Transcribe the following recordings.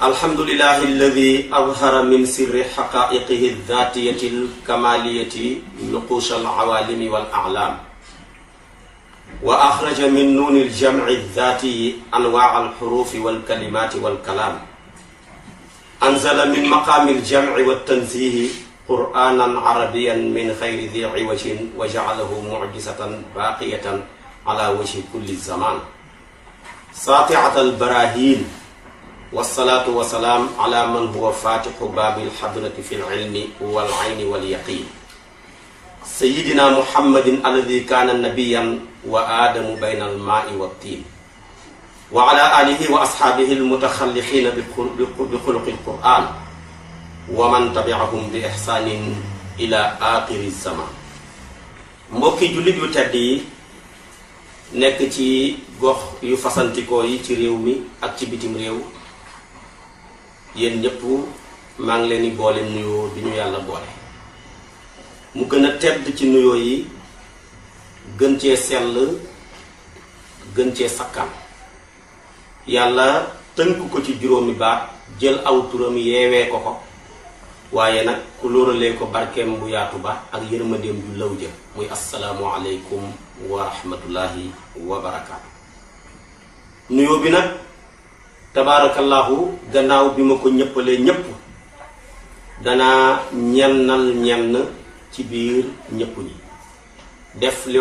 alhamdulilahi alladi adhara min sirri xaqaiqihi dhatiyati alkamaliyati nuqush alawalimi wal aclam wa axraja min nuuni aljamci aldhatiyi anwaa alxurufi walkalimati walkalaam anzala min maqaami aljamci waltanzihi qur'anan arabiyan min xayri di ciwajin wa jacalahu mucjisatan baaqiyatan ala wajhi kulli zaman saaticat albarahin wasalaatu wasalaam ala man huwa fatixu baabil xadrati fi lilmi wal ayni wal yaqin sayidina muhammadin alladi kaana nabiyan wa aadamu bayna almaai wa tiin wa ala alihi wa asxaabihi almutaxallixiina bi xuluqi alquran wa man tabiahum bi ixsaanin ila axiri zaman mbokki jullit yu tedd yi nekk ci gox yu fasantikoo yi ci réew mi ak ci bitim réew yéen ñëpp maa ngi leen boole nuyoo bi ñu yàlla boole mu gën a tedd ci nuyoo yi gën cee sell gën cee sakkan yàlla tënk ko ci juróomi baat jël aw turam yeewee ko ko waaye nag ku lóoralee ko barkeem bu yaatu ba ak yërmandeem yu law jë muy asalaamualeykum wa rahmatullahi wa nuyoo bi nag tabaarakallaahu gannaaw bi ma ko ñépp dana danaa ñennal ñenn ci biir ñépp ñi def li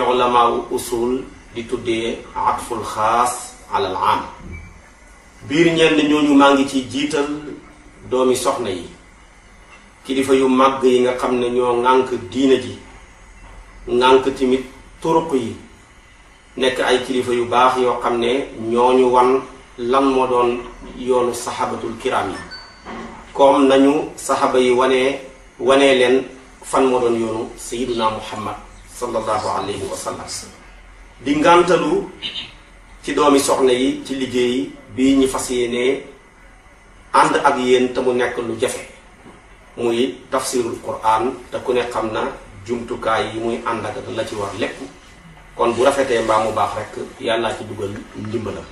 usul di tuddee atful xaas alal am biir ñenn ñooñu maa ngi ci jiital doomi soxna yi kilifa yu màgg yi nga xam ne ñoo ŋànk diina ji ŋànk tamit turuq yi nekk ay kilifa yu baax yoo xam ne ñooñu wan lan moo doon yoonu saxaabatul kiram yi comme nañu saxaaba yi wanee wanee leen fan moo doon yoonu sayiduna muhammad sallallahu alayhi wa di ngàntalu ci doomi soxna yi ci liggéey bii ñu fas yéenee ànd ak yéen te mu nekk lu jafe muy tafsirul quran te ku ne xam na jumtukaay yi muy ànd ak la ci war lépp kon bu rafetee mbaa mu baax rek yàllaa ci dugal ndimbalam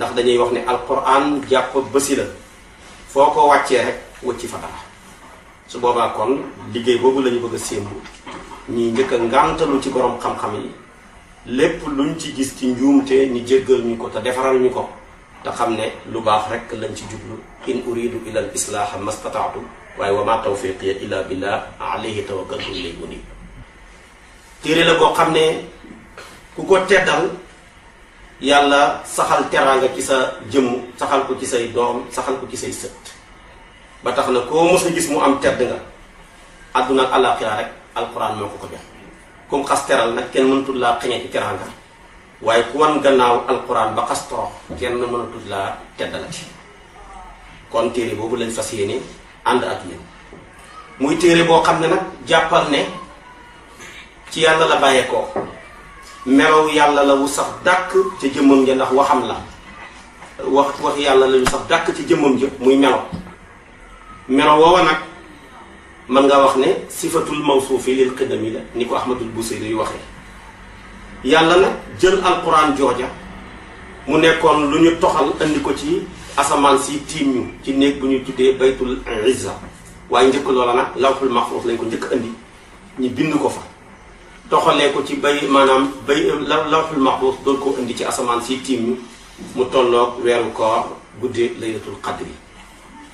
ndax dañuy wax ne alquran jàpp bësi la foo ko wàccee rek wëcci fatara su boobaa kon liggéey boobu lañu bëgg a sémbu ñuy njëkk ngàntalu ci boroom xam-xam yi lépp luñ ci gis ci njuumte ñi jéggal ñu ko te defaral ñu ko te xam ne lu baax rek lañ ci jublu in uridu ila al islaaha mastataatu waaye wa ma tawfiqiya illa billah alayhi tawakkaltu ilay unib téere la koo xam ne ku ko teddal yàlla saxal teraanga ci sa jëmm saxal ko ci say doom saxal ko ci say sët ba tax na koo mës gis mu am tedd nga àdduna ak rek alquran moo ko ko jox comme xas teral nag kenn mënatul laa xëñe ci teraanga waaye ku wan gannaaw alquran ba xas torox kenn mënatul laa teddalati kon téere boobu lañ fas yéene ànd ak yéen muy téere boo xam ne nag jàppal ne ci yàlla la bàyyeekoo. melaw yàlla la wu sax dàkk ci jëmmam ja ndax waxam la wax wax yàlla la ñu sax dàkk ci jëmmam ja muy melaw melaw woowa nag mën nga wax ne sifatul mawsuufi lil qidami la ni ko ahmadul busiri yu waxee yàlla nag jël alquran jooja mu nekkoon lu ñu toxal andi ko ci asamaan si tiim ñu ci néeg bu ñu tuddee baytul izza waaye njëkk loola nag lawhul mahfuz lañ ko njëkk andi ñu bind ko fa toxalee ko ci bay maanaam bay la lawxul maxbuus doon koo indi ci asamaan si tiim mu tolloog weeru koor guddee laylatul qadri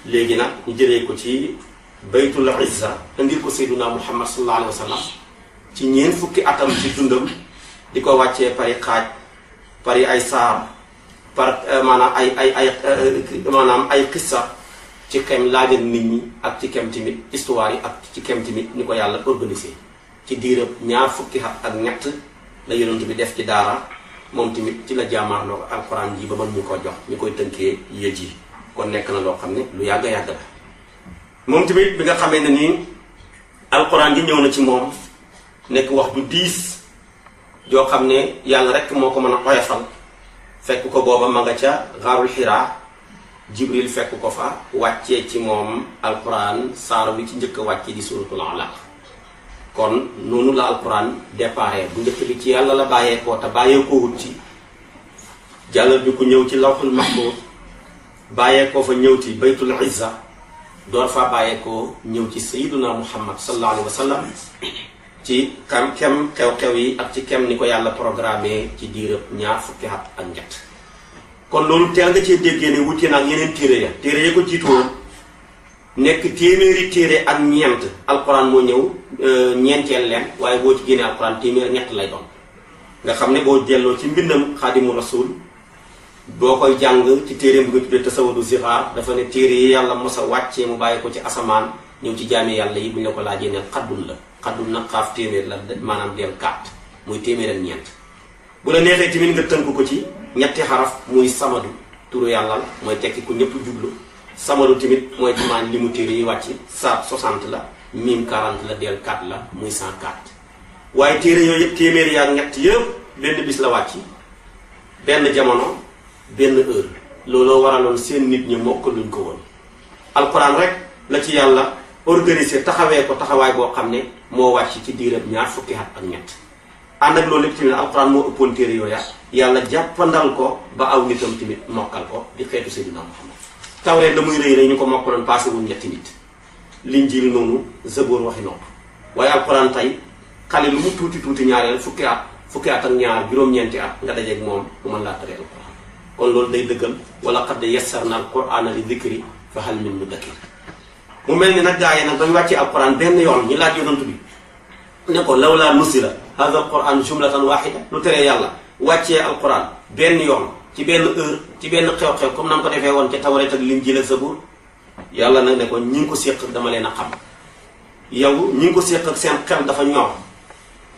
léegi nag ñu jëlee ko ci baytul izza indil ko sayduna muhammad sallallahu alayhi wa sallam ci ñeent fukki atam ci dundam di ko wàccee pari xaaj pari ay saar par euh, maanaam ay ay ay euh, maanaam ay xissa ci kem laajal nit ñi ak ci kem tamit histoire yi ak ci kem tamit ni ko yàlla organisé ci diirab ñaar fukki xat ak nett la yonent bi def ci daara moom tamit ci la jàmmaarloo ko alxuraan ji ba mën ñu ko jox ñu koy tënkee yëj yi kon nekk na loo xam ne lu yàgg yàgg la moom tamit bi nga xamee ne nii alxuraan ji ñëw na ci moom nekk wax ju diis joo xam ne yàlla rekk moo ko mën a oyofal fekk ko booba ma nga ca xaarul xiraa jibril fekk ko fa wàccee ci moom alxuraan saar wi ci njëkk a wàccee di suuratul alaq kon noonu la alquran déparé bu nga bi ci yàlla la bàyyeekoo te bàyyeekoo wut ci jàllal ku ñëw ci max mahmud bàyyeekoo fa ñëw ci baytul izza door fa bàyyeekoo ñëw ci sayiduna muhammad sallallahu alayhi wa sallam ci kam kem xew-xew yi ak ci kem ni ko yàlla programmé ci diirëb ñaar fukki at ak ñett kon loolu teel nga cee déggee ne wute nag yeneen téere ya téere ya ko jiitoo nekk téeméeri téere ak ñeent alxuraan moo ñëw euh, ñeenteel leen waaye boo ci génnee alxuraan téeméer ñett lay doon nga xam ne boo delloo ci mbindam xaadimu rasul boo koy jàng ci téereem mu nga tuddee tasawadu zixaar dafa ne téere yi yàlla mos a wàccee mu bàyyi ko ci asamaan ñëw ci jaami yàlla yi bu ñu la ko laajee ne xaddul la xaddul nag xaaf téeméer la maanaam deel kàtt muy téeméer ak ñeent bu la neexee tamit nga tënk ko ci ñetti xaraf muy samadu turu yàlla mooy tekki ñëpp jublu sama samaru tamit mooy ci maan li mu téere yi wàcc saat 60 la miim 40 la del 4 la muy 104 waaye téere yooyu yëpp téeméeri yaak ñett yëpp benn bis la wàcc benn jamono benn heure looloo waraloon seen nit ñi mokk luñ ko woon alxuraan rek la ci yàlla organiser taxawee ko taxawaay boo xam ne moo wàcc ci diirab ñaar fukki at ak ñett ànd ak loolu lépp tamit alxuraan moo ëppoon téere yooya yàlla jàppa jàppandal ko ba aw nitam tamit mokkal ko di xeetu Seydina tawreet la muy rëy rëy ñu ko mokkaloon passé wuñ ñetti nit linjiil noonu zaboor waxi nopp waaye alxuraan tey xale lu mu tuuti tuuti ñaareel fukki at fukki at ak ñaar juróom-ñeenti at nga dajeeg moom mu man laa tere alxuraan kon loolu day dëggal wala qad yassarna alqurana li dikri fa hal min mudakkir mu mel ni nag gaa yi nag bañ wàccee alxuraan benn yoon ñu laaj yonantu bi ne ko lawlaa nuzila hadha alquran jumlatan wahida lu teree yàlla wàccee alquran benn yoon ci benn heure ci benn xew-xew comme na ko defee woon ca Tawreet ak Linjiil sa Sabuur yàlla nag ne ko ñi ngi ko séq dama leen a xam yow ñi ko séq ak seen xel dafa ñor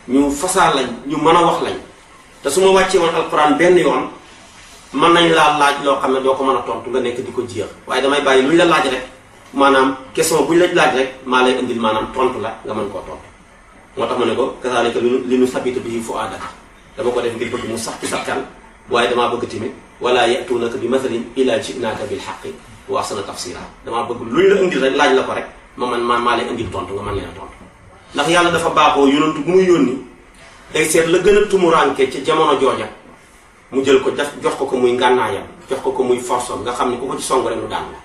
ñu fasaa lañ ñu mën a wax lañ te su ma wàccee woon alxuraan benn yoon man nañ laa laaj loo xam ne doo ko mën a tontu nga nekk di ko jéex waaye damay bàyyi luñ la laaj rek maanaam question buñ la laaj rek maa lay indil maanaam tontu la nga man koo tontu moo tax ma ne ko kasaalika li nu sabitu bi dama ko def ngir bëgg mu sax ci waaye damaa bëgg tamit wala yatuunaka bi mathalin illa jinaaka bil xaqi wa ahsana tafsira damaa bëgg luñ la indil rek laaj la ko rek ma man man maa leen indil tontu nga mën leen tontu ndax yàlla dafa baaxoo yonantu bu muy yónni day seet la gën a tumuraanke ci jamono jooja mu jël ko jox ko ko muy ngànnaayam jox ko ko muy force nga xam ne ku ko ci song rek mu daan la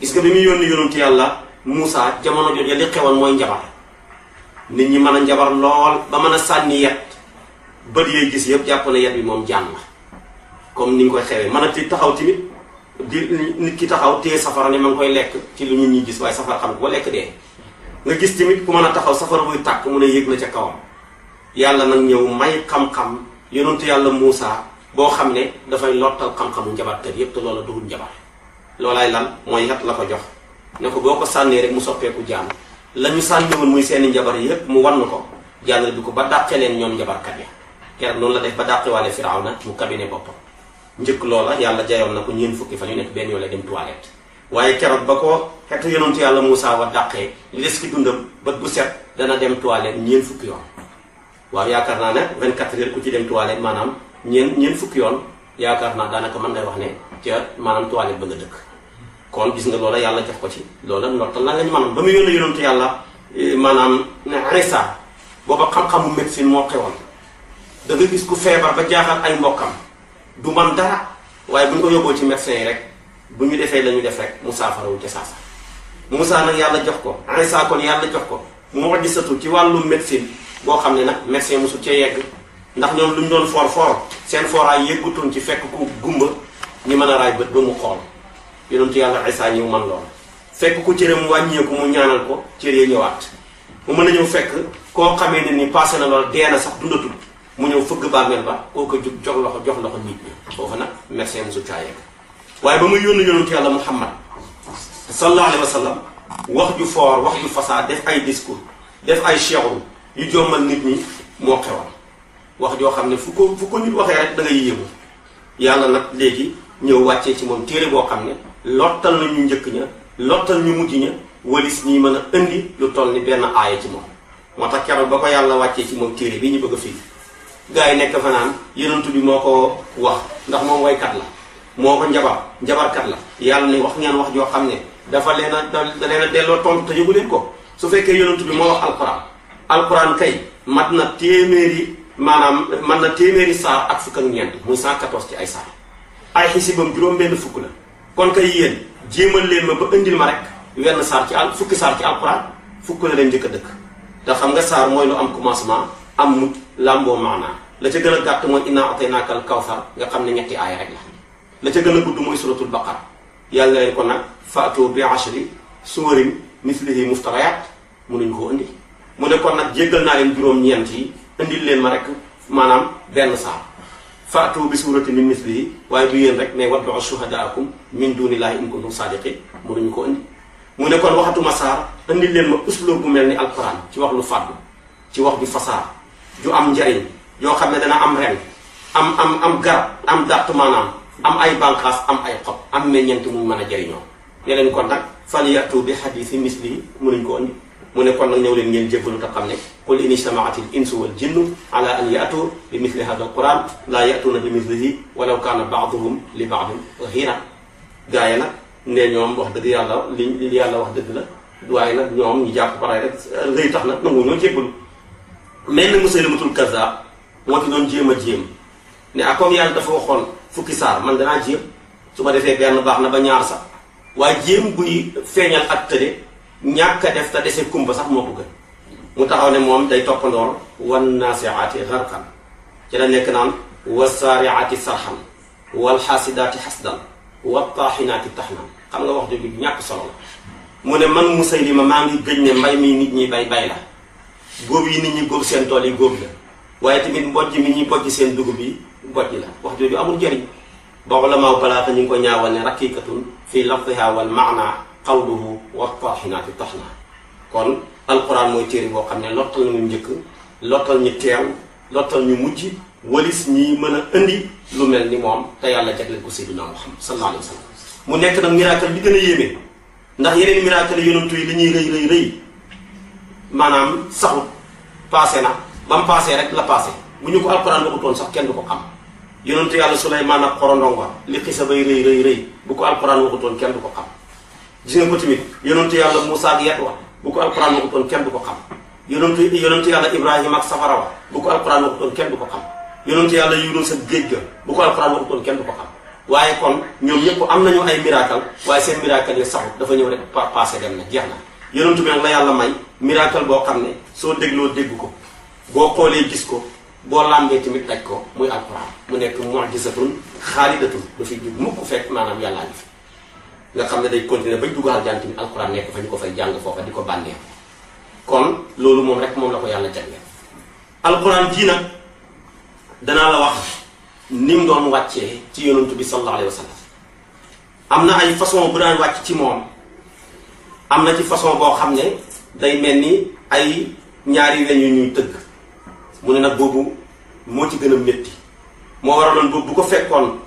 gis nga bi muy yónni yonantu yàlla Moussa jamono jooja li xewoon mooy njabar ñi mën a njabar lool ba mën a sànni yet bët gis yëpp jàpp na bi moom jaan comme ni ñu koy xewee mën a ci taxaw tamit di nit taxaw téye safara ne ma ngi koy lekk ci lu ñun ñuy gis waaye safara xam ko lekk dee nga gis tamit ku man a taxaw safara buy tàkk mu ne yëg la ca kawam yàlla nag ñëw may xam-xam yonentu yàlla Muusa boo xam ne dafay lottal xam-xamu njabarkat yépp te loola dugul njabar loolaay lan mooy yat la ko jox ne ko boo ko sànnee rek mu soppeeku jaan la ñu sànniwoon muy seeni njabar yépp mu wann ko jàllale bi ko ba dàqe leen ñoom njabarkat yi keroog noonu la def ba dàqewaale Firawna mu kabine boppam njëkk loola yàlla jayoon na ko ñeent fukki fa yu nekk benn yoon la dem toilette waaye keroot ba ko xeetu yonentu yàlla Moussa wa dàqee li des ki dundam bët bu set dana dem toilette ñeent fukki yoon waaw yaakaar naa ne 24 heures ku ci dem toilette maanaam ñeent ñeent fukki yoon yaakaar naa daanaka man ngay wax ne ca maanaam toilette ba nga dëkk kon gis nga loola yàlla jox ko ci loola ndortal la nga ñu maanaam ba mu yónnee yonentu yàlla eh, maanaam Isa booba xam-xamu médecine moo xewoon da nga ku feebar ba jaaxal ay mbokkam du man dara waaye bu ñu ko yóbboo ci médecin yi rek bu ñu defee la ñu def rek mu saafarawu ca saasa Moussa nag yàlla jox ko Isa kon yàlla jox ko moo gisatu ci wàllu médecine boo xam ne nag médecin mosu cee yegg ndax ñoom lu ñu doon for for seen foraay yëggutoon ci fekk ku gumba ñi mën a raay bët ba mu xool ci yàlla Isa ñëw man lool fekk ku mu wàññeeku mu ñaanal ko cër ya ñëwaat mu mën a ñëw fekk koo xamee ne ni passé na lool dee na sax mu ñëw fëgg bàmmeel ba koo ko jóg jox loxo jox loxo nit ñi foofu nag mercen su caayeek waaye ba muy yónni yonentu yàlla muhammad sallallahu alayhi wa sallam wax ju foor wax ju fasaa def ay discours def ay cheru yu jommal nit ñi moo xewal wax joo xam ne fu ko fu ko nit waxee rek da ngay yéemu yàlla nag léegi ñëw wàccee ci moom téere boo xam ne lottal na ñu njëkk ña lottal ñu mujj ña walis ñi mën a indi lu toll ni benn aaya ci moom moo tax keroog ba ko yàlla wàccee ci moom téere bi ñu bëgg fii gaa yi nekk fa naan yonent bi moo ko wax ndax moom waykat la moo ko njabar njabarkat la yàlla ne wax ngeen wax joo xam ne dafa leen a da leen a delloo tontu te yëgu leen ko su fekkee yonent bi moo wax alquran alquran kay mat na téeméeri maanaam mat na téeméeri saar ak fukk ak ñeent muy 114 ci ay saar ay xisibam juróom-benn fukk la kon kay yéen jéemal leen ma ba indil ma rek wenn saar ci al fukki saar ci alquran fukk la leen njëkk a dëkk te xam nga saar mooy lu am commencement am mujj làmboo maanaa la ca gën a gàtt mooy innaa ataynaakal kawsar nga xam ne ñetti aaya rek la la ca gën a gudd mooy suratul baqara yàlla leen ko nag faatoo bi ashri suwarin mislihi muftarayaat mënuñ koo indi mu ne kon nag jéggal naa leen juróom-ñeent yi indil leen ma rek maanaam benn saar faatoo bi suurati min mislihi waaye du yéen rek ne mais wad'u shuhadaakum min duunillaahi in kuntum saadiqiin mënuñu ko indi mu ne kon waxatuma saar indil leen ma usloo bu mel ni alquran ci wax lu fàddu ci wax bi fasaar ju am njariñ joo xam ne na am ren am am am garab am dàtt maanaam am ay banqas am ay xob am meññeent mu mën a jariñoo ne leen kon nag fal yàttu bi xadiis yi misli yi mënuñ ko indi mu ne kon nag ñëw leen ngeen jébbalu te xam ne qul in ijtamaat il insu wal jinnu ala an yaatu bi misli hada alquran laa yatuuna bi mislihi walaw kaana baaduhum li baadin zahira gaa yi nag ne ñoom wax dëgg yàlla li li yàlla wax dëgg la waaye nag ñoom ñu jàpp pare rek rëy tax nag nangu ñoo mel ni Musaylamatul Kazzaab moo ci doon jéem a jéem ne ah comme yàlla dafa waxoon fukki saar man danaa jéem su ma defee benn baax na ba ñaar sax waaye jéem buy feeñal ak tëdde ñàkk a def te dese kumba sax moo ko gën mu taxaw ne moom day toppandoor wan naasiaati xarqan ci la nekk naan wasaariaati sarxan walxaasidaati xasdan tax taxnan xam nga wax jooju ñàkk solo la mu ne man Musaylima maa ngi gëj ne mbay mii nit ñi bay bay la góob yi nit ñi góob seen tool yi góob la waaye tamit mbojj mi ñuy bojj seen dugub yi mbojj la wax jooju amul njëriñ ba ulamaaw balaaxa ñu ngi ko ñaawal ne raqiqatun fii lafdiha wal maana qawluhu wa tahinaati tahna kon alquran mooy téere boo xam ne lottal ñu njëkk lottal ñu teew lottal ñu mujj walis ñi mën a indi lu mel ni moom te yàlla jagleel ko sayyidina Muhammad sallallahu alayhi mu nekk nag miracle bi gën a yéeme ndax yeneen miracle yonentu yi li ñuy rëy rëy rëy maanaam saxut passé na ba mu rek la passé bu ñu ko alxuraan waxutoon sax kenn du ko xam yonentu yàlla Suleymaan ak xorondong wa li xisa bay rëy rëy bu ko alxuraan waxutoon kenn du ko xam gis nga ko tamit yonentu yàlla Muusaa ak yet wa bu ko alxuraan kenn du ko xam yonentu yonentu yàlla Ibrahima ak safara wa bu ko alxuraan kenn du ko xam yonentu yàlla Yunus ak géej ga bu ko alxuraan waxutoon kenn du ko xam waaye kon ñoom ñëpp am ñu ay miracle waaye seen miracle yi saxut dafa ñëw rek passé dem na jeex na yonent bi nag la yàlla may miracle boo xam ne soo dégloo dégg ko boo xoolee gis ko boo làmbee tamit daj ko muy alquran mu nekk mujizatun xaalidatun dafay jóg mukk fekk maanaam yàllaa ngi fi nga xam ne day continuer bañ dugg aljana tamit alquran nekk fa ñu ko fay jàng foofa di ko bànnee kon loolu moom rek moom la ko yàlla jagle alquran jii nag danaa la wax ni mu doon wàccee ci yonent bi sallallahu alayhi am na ay façon bu daan wàcc ci moom am na ci façon boo xam ne day mel ni ay ñaari weñ yu ñuy tëgg mu ne nag boobu moo ci gën a métti moo war waraloon boobu bu ko fekkoon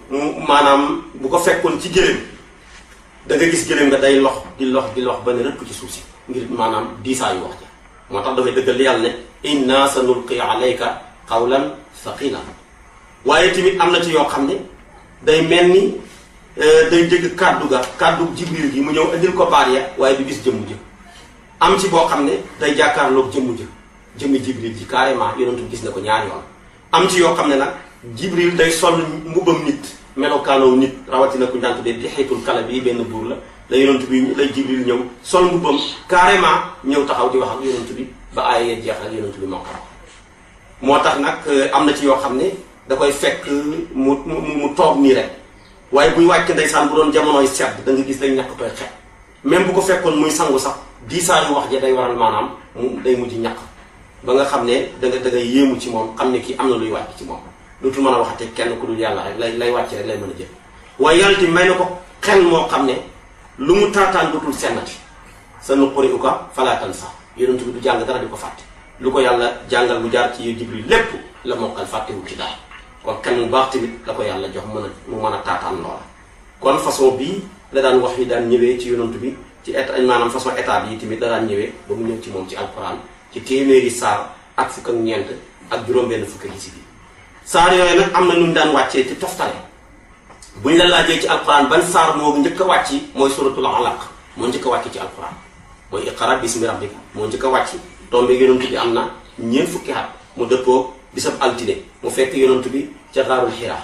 maanaam bu ko fekkoon ci gëléem da gis gëléem nga day lox di lox di lox ba ne rëkk ci suuf si ngir maanaam diisaayu wax ja moo tax dafay dëggal yàlla ne inna sa nulqi alayka qawlan thaqila waaye tamit am na ci yoo xam ne day mel ni Euh, day dégg kàddu ga kàddu jibril gi mu ñëw indil ko baar ya waaye du gis jëmm jë am ci boo xam ne day jàkkaarloog jëmm jë jëmm jibril ji carrément yonentu gis na ko ñaar yoon am ci yoo xam ne nag jibril day sol mbubam nit melokaanoo nit rawatina ku ñant de di xeetul bii benn buur la la yonent bi lay jibril ñëw sol mbubam carrément ñëw taxaw di wax ak yonent bi ba jeex ak yonent bi moo ko moo tax nag euh, am na ci yoo xam ne da koy fekk mu mu toog nii rek waaye buy wàcc ndeysaan bu doon jamonoy sedd danga nga gis day ñàkk koy xet même bu ko fekkoon muy sangu sax di diisaayu wax ja day waral maanaam mu day mujj ñàkk ba nga xam ne da nga yéemu ci moom xam ne kii am na luy wàcc ci moom dootul mën a wax te kenn ku dul yàlla rek lay lay wàcc rek lay mën a jël waaye yàlla ti may na ko xel moo xam ne lu mu taataan dootul sennati sa nuquri uka falaatan sax yonent bi du jàng dara di ko fàtte lu ko yàlla jàngal bu jaar ci Jibril lépp la mokkal fàttewul ci daal kon kan bu baax tamit la ko yàlla jox mën a mu mën a taataan loola kon façon bii la daan wax yi daan ñëwee ci yonantu bi ci état maanaam façon état bi tamit la daan ñëwee ba mu ñëw ci moom ci alquran ci téeméeri saar ak fukk ak ñeent ak juróom-benn fukk gisi bi saar yooyu nag am na nu mu daan wàccee te toftale bu ñu la laajee ci alquran ban saar moo njëkk a wàcc mooy suratul alaq moo njëkk a wàcc ci alquran mooy iqra bismi rabbika si njëkk a wàcc tombe bi am na ñeent bisab altine mu fekk yonent bi ca xaarul xiraa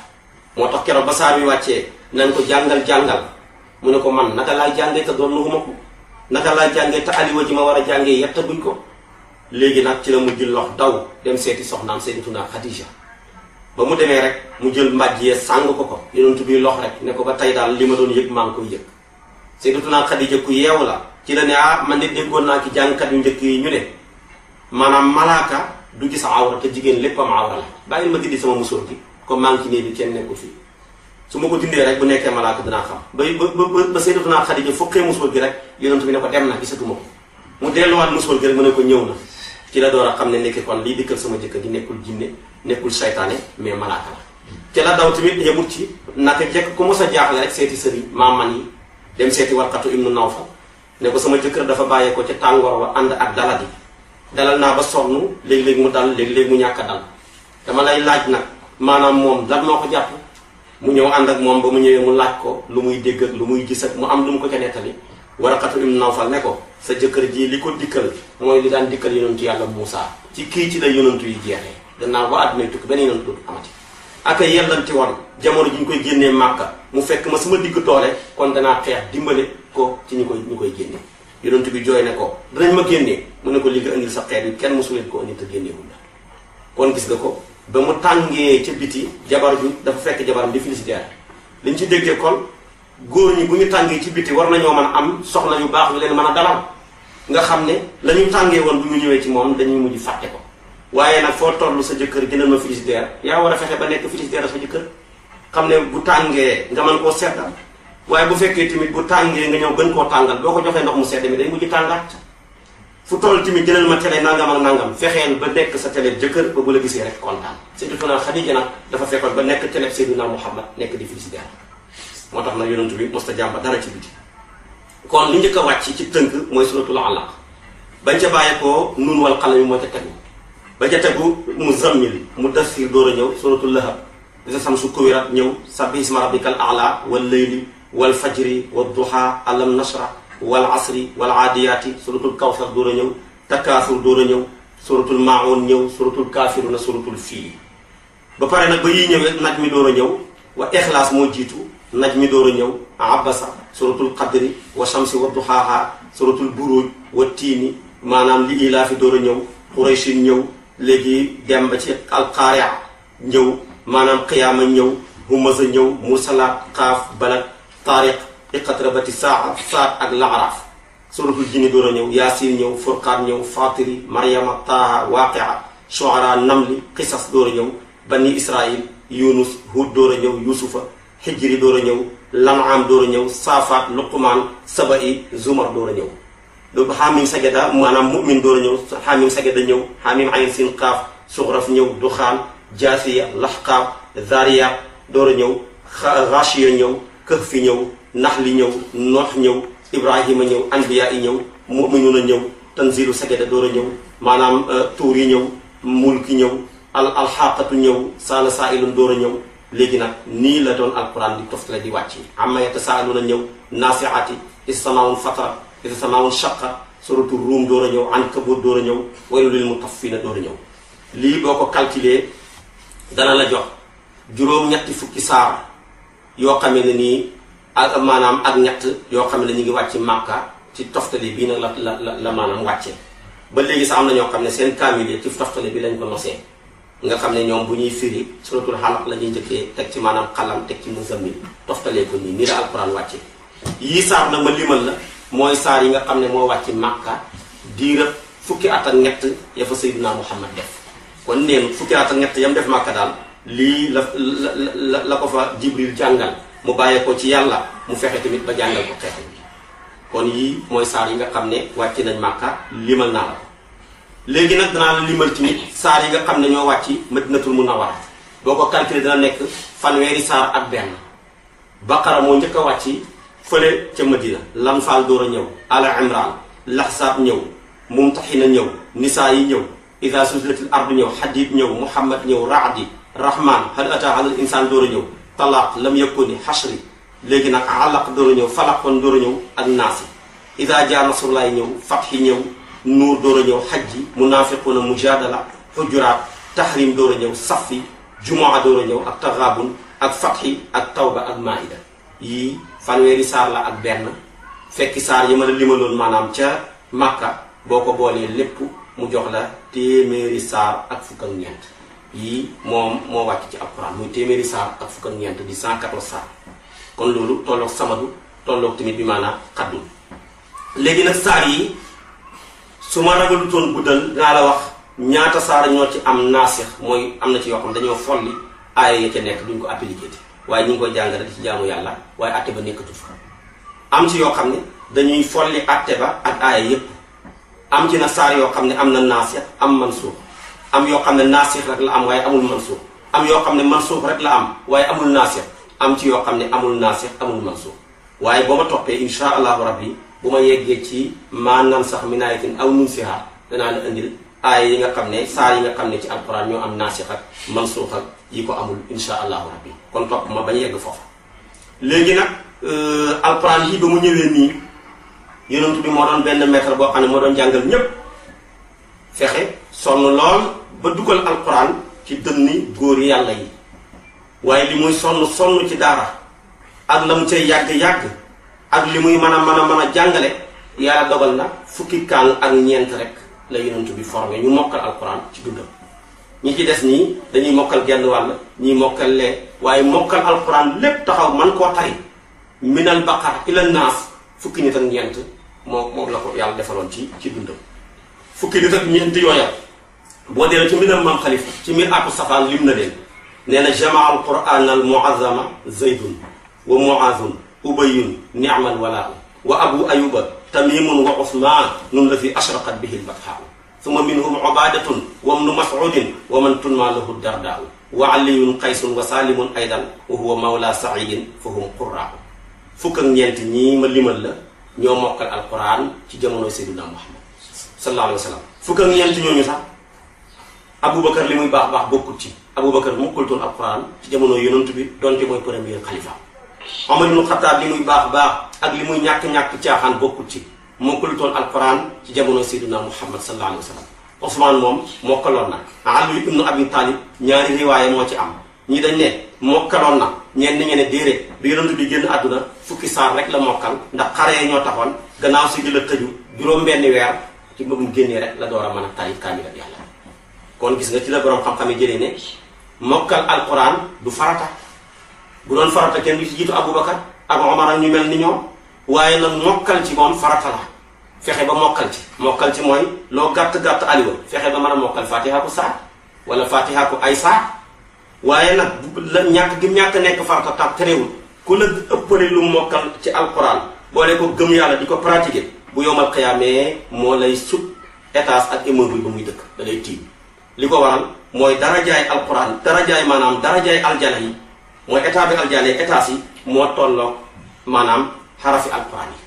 moo tax keroog ba saar bi wàccee nañ ko jàngal jàngal mu ne ko man naka laa jàngee te doon nuwuma ko naka laa jàngee te aliwa ji ma war a jàngee yetta buñ ko léegi nag ci la mu jël lox daw dem seeti soxnaam Sayyidatuna Xadija ba mu demee rek mu jël mbàjj yee sàng ko ko yonent bi lox rek ne ko ba tey daal li ma doon yëg maa ngi koy yëg Sayyidatuna Xadija ku yeewu la ci la ne ah man de déggoon naa ki jàngkat yu njëkk yi ñu ne maanaam malaaka du gis awra te jigéen léppam awra la bàyyi ma dindi sama musóor gi comme maa ngi ci néeg bi kenn nekkul fii su ma ko dindee rek bu nekkee malaaka dinaa xam ba ba ba Sayyidatuna Xadija fokkee musóor rek yonent bi ne dem na gisatuma ko mu delluwaat musóor gi rek mu ne ko ñëw na ci la door xam ne nekki kon lii dikkal sama jëkkër gi nekkul jinne nekkul saytaane mais malaaka la ci la daw tamit yemut ci naka jekk ku mos a jaaxle rek seeti sëriñ maam man yi dem seeti warqatu ibnu Nawfal ne ko sama jëkkër dafa bàyyee ko ca tàngoor wa ànd ak daladi dalal naa ba sonn léeg-léeg mu dal léeg-léeg mu ñàkk a dal dama lay laaj nag maanaam moom lan moo ko jàpp mu ñëw ànd ak moom ba mu ñëwee mu laaj ko lu muy dégg ak lu muy gis ak mu am lu mu ko ca nettali Waraqatu ibn Nawfal ne ko sa jëkkër jii li ko dikkal mooy li daan dikkal yonentu yàlla Muusaa ci kii ci la yonentu yi jeexee gannaaw ba àdduna tukki benn yonentu dootu amati ak yellanti woon jamono ji ñu koy génnee màkka mu fekk ma sama digg doole kon danaa xeex dimbale ko ci ñu koy ñu koy génnee yonent bi jooy ne ko danañ ma génnee mu ne ko li nga indil sa xeet yi kenn mosu leen ko indi te génneewul la kon gis nga ko ba mu tàngee ca biti jabar bi dafa fekk jabaram di félicité liñ ci déggee kon góor ñi bu ñu tàngee ci biti war nañoo mën a am soxla yu baax yu leen mën a dalal nga xam ne la ñu tàngee woon bu ñu ñëwee ci moom dañuy mujj fàtte ko waaye nag foo toll sa jëkkër gënal ma frigidaire yaa war a fexe ba nekk frigidaire sa jëkkër xam ne bu tàngee nga mën koo waaye bu fekkee tamit bu tàngee nga ñëw gën koo tàngal boo ko joxee ndox mu sedd mi day mujj tàngaat fu toll tamit jëlal ma télé nangam ak nangam fexeel ba nekk sa télé jëkkër ba bu la gisee rek kontaan Sayyidatuna Xadija nag dafa fekkoon ba nekk télé Seydina Muhammad nekk di félicité moo tax nag yonent bi mos ta jàmba dara ci biti kon li njëkk a wàcc ci tënk mooy la alaq bañ ca bàyyeekoo nun wal qalami moo ca tegu ba ca tegu muzammil mudassir door a ñëw suratul lahab bi sam su kuwirat ñëw sabbi isma rabbikal a'la wal layli wal fajri wa duha alam nasra wal asri wal aadiyaati suratul kawsar door a ñëw takkaasur door a ñëw suratul maawun ñëw suratul kaafiruna suratul fii ba pare nag ba yii ñëwee naj mi door a ñëw wa ixlaas moo jiitu naj mi door a ñëw abasa suratul qadri wa shamsi wa duhaaha suratul buruj wa tiini maanaam li ilaafi door a ñëw xuraysin ñëw léegi dem ba ci alqaaria ñëw maanaam qiyaama ñëw humaza ñëw mursalaat xaaf balak taariq iqatrabati saa saat ak laaraaf suratul jinni door a ñëw yaasin ñëw furqaan ñëw fatiri maryama taaha waaqia shuara namli qisas door a ñëw bani israil yunus hud door a ñëw yusufa xijri door a ñëw lanaam door a ñëw saafaat luqmaan sabai zumar door a ñëw loolu xaamim sageda maanaam mumin door a ñëw xaamim sageda ñëw xaamim ayn sin qaaf suxraf ñëw duxaan jaasiya laxqaab zaria door a ñëw rashiya ñëw këf fi ñëw nax li ñëw noox ñëw ibrahima ñëw anbiya yi ñëw muminuun a ñëw tanzilu sageda door a ñëw maanaam euh, tuur yi ñëw mulki ñëw al alxaqatu ñëw saala saailun door a ñëw léegi nag nii la doon alquran di toftale di wàcc amma yatasaaluna ñëw naasiati issamaaun fatara issamaaun shaqa suratu ruum door a ñëw ankabut door a ñëw waylu lil mutaffina door a ñëw lii boo ko calculé dana la jox juróom-ñetti fukki saar yoo xamee ne nii ak maanaam ak ñett yoo xam ne ñu ngi wàcc màkka ci toftale bii nag la la la la maanaam wàcce ba léegi sax am na ñoo xam ne seen kaamil ci toftale bi lañ ko nosee nga xam ne ñoom bu ñuy firi suratul xalaq la ñuy njëkkee teg ci maanaam xalam teg ci muzammil toftalee ko nii nii la alquran wàcce yii saar na ma limal la mooy saar yi nga xam ne moo wàcc màkka diira fukki attan ak ñett ya fa sayyidina muhammad def kon neen fukki at ak ñett yam def màkka daal lii la la la ko fa jibril jàngal mu bàyyee ko ci yàlla mu fexe tamit ba jàngal ko xeex bi kon yii mooy saar yi nga xam ne wàcc nañ màkka limal na la léegi nag danaa la limal tamit saar yi nga xam ne ñoo wàcc madinatul munawwara boo ko calculé dana nekk fanweeri saar ak benn baqara moo njëkk a wàcc fële ca madina lanfaal door a ñëw ala imran laxsaab ñëw mumtaxina ñëw nisaa yi ñëw ida suzlatil ardu ñëw xadid ñëw muhammad ñëw raadi rahman hal ata alal insaan door a ñëw talaaq lam yakuni xashri léegi nag alaq door a ñëw falaq kon door a ñëw ak naasi ida jaa nasrullaay ñëw fatxi ñëw nuur door a ñëw xajji munaafiquuna mujaadala xujuraat tahrim door a ñëw safi jumaa door a ñëw ak taxaabun ak fatxi ak tawba ak maida yii fanweeri saar la ak benn fekki saar yi ma la limaloon maanaam ca màkka boo ko boolee lépp mu jox la téeméeri saar ak fukk ak yi moom moo wàcc ci alquran muy téeméeri saar ak fukk ak ñeent di 114 saar kon loolu tolloog samadu tolloog tamit bi maanaam xaddu léegi nag saar yi su ma ragalutoon guddal naa la wax ñaata saar ñoo ci am naasix mooy am na ci yoo xam dañoo folli aaya ya nekk duñ ko appliqué waaye ñu ngi koy jàngale di ci yàlla waaye atte ba nekkatu fa am ci yoo xam ne dañuy folli atte ba ak aaya yépp am ci na saar yoo xam ne am na naasix am mansuux am yoo xam ne naasix rek la am waaye amul mansuux am yoo xam ne mansuux rek la am waaye amul naasix am ci yoo xam ne amul naasix amul mansuux waaye boo ma toppee insha allahu rabbi bu ma ci maanaam sax min aw nunsiha danaa yi nga xam ne saar yi nga xam ci alquran ñoo am naasix ak mansuux ak yi ko amul insha allahu rabbi kon topp ma bañ yegg foofu léegi nag euh, alquran yi ba mu ñëwee nii yonent bi moo doon benn maître boo xam ne moo doon jàngal ñépp fexe sonn lool ba dugal alquran ci dënni góor yàlla yi waaye li muy sonn sonn ci daara ak la mu cay yàgg-yàgg ak li muy mën a mën a mën a jàngale yàlla dogal na fukki kaan ak ñeent rek la yonent bi formé ñu mokkal alquran ci dundam ñi ci des nii dañuy mokkal genn wàll ñuy mokkal lee waaye mokkal alquran lépp taxaw man koo tari minal baqar ila naas fukki nit ak ñeent moo moom la ko yàlla defaloon ci ci dundam fukki nit ak ñeent yooya boo delloo ci mbiram maam xalifa ci miir àqu safaan lim na leen nee na jamaa al quran al muazama zaydun wa muazun ubayun niamal walaahu wa abu ayuba tamimun wa usmaan nun la fi ashraqat bihi lbatxaawu summa minhum ubadatun wa mnu masudin wa man tunma lahu dardaawu wa aliyun qaysun wa saalimun aydan wa huwa mawla saidin fa hum qurraahu fukk ak ñeent ñii ma limal la ñoo mokkal alquran ci jamonoy seydina muhammad sallallahu alayhi wa sallam fukk ak ñeent ñooñu sax Aboubacar li muy baax baax bokkut ci Aboubacar mokkaltoon alquran ci jamono yonent bi donte mooy premier xalifa Omar ibnu Xataab li muy baax baax ak li muy ñàkk-ñàkk caaxaan bokkut ci mokkaltoon alquran ci jamono sayyidina Muhammad sallallahu alayhi wa sallam Ousmane moom mokkaloon na Ali ibnu Abi Talib ñaari riwaaye moo ci am ñi dañ ne mokkaloon na ñenn ñi ne déedéet bi yonent bi génn àdduna fukki saar rek la mokkal ndax xare ñoo taxoon gannaaw si di la tëju juróom-benn weer ci ba mu génnee rek la door a mën a tari kaamil ak yàlla kon gis nga ci la borom xam-xam yi jëlee ne mokkal alquran du farata bu doon farata kenn du ci jiitu Aboubacar ak Omar ak ñu mel ni ñoom waaye nag mokkal ci moom farata la fexe ba mokkal ci mooy loo gàtt-gàtt aliwa fexe ba mën a mokkal fatiha saar wala fatiha ay saar waaye nag la ñàkk gi ñàkk nekk farata tax terewul ku la ëppale lu mokkal ci alquran boole ko gëm yàlla di ko pratiquer bu yomal xiyaamee moo lay sut étage ak immeuble ba li ko waral mooy darajaay alquran darajaay maanaam darajaay aljana yi mooy état bi aljana yi état moo tolloog maanaam xarafi alquran yi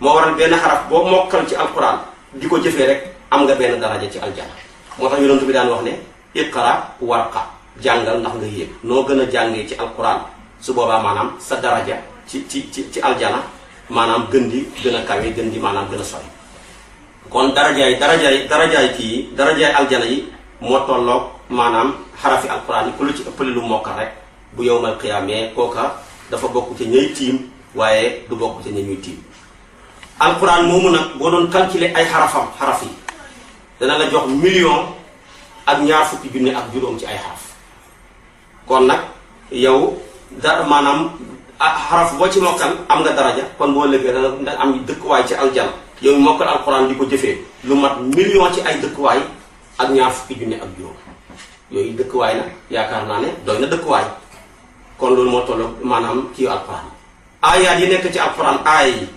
moo waral benn xaraf boo mokkal ci alquran di ko jëfee rek am nga benn daraja ci aljana moo tax yonent daan wax ne iqra warqa jàngal ndax nga yéeg noo gën a jàngee ci alquran su boobaa maanaam sa daraja ci ci ci ci aljana maanaam gën di gën a kawe gën di maanaam gën a sori kon darajaay darajaay darajaay kii darajaay aljana yi moo tolloog maanaam xarafi alquran yi ku la ci ëppale lu mokkal rek bu yow yowmal qiyaamee kooka dafa bokk ci ñay tiim waaye du bokk ci ña ñuy tiim alquran moomu nag boo doon calculer ay xarafam xaraf yi dana la jox million ak ñaar fukki junne ak juróom ci ay xaraf kon nag yow dara maanaam ah xaraf boo ci mokkal am nga daraja kon boo lëggee dana am dëkkuwaay ci aljana yow mokkal alquran di ko jëfee lu mat million ci ay dëkkuwaay ak ñaar fukki junne ak juróom yooyu dëkkuwaay la yaakaar naa ne doy na dëkkuwaay kon loolu moo toll maanaam kii alquran aayaat yi nekk ci alquran aaya yi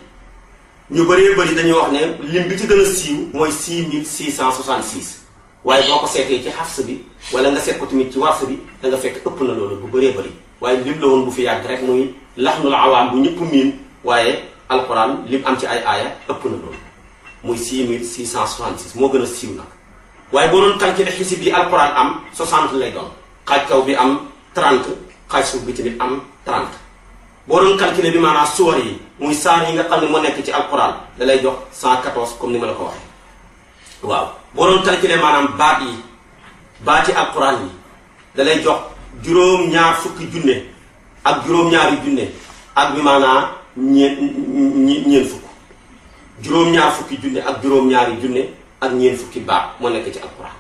ñu bëree bëri dañuy wax ne lim bi ci gën a siiw mooy 6666 waaye boo ko seetee ci xafs bi wala nga seet ko tamit ci warsa bi da fekk ëpp na loolu bu bëree bëri waaye lim la woon bu fi yàgg rek muy laxnul awaam bu ñëpp miin waaye alquran lim am ci ay aaya ëpp na loolu muy 6666 moo gën a waaye boo doon calculer xisib yi alxuraan am 60 lay doon xaaj kaw bi am 30 xaaj suuf bi tamit am 30 boo doon calculer bi maanaam suwar yi muy saar yi nga xam ne moo nekk ci alxuraan da lay jox 114 comme ni ma la ko waxee waaw boo doon calculer maanaam baat yi baati alxuraan yi dalay jox juróom-ñaar fukki junne ak juróom-ñaari junne ak bi maanaam ñeent ñeent fukk juróom-ñaar fukki junne ak juróom-ñaari junne. ak ñeent fukki baat moo nekk ci alquran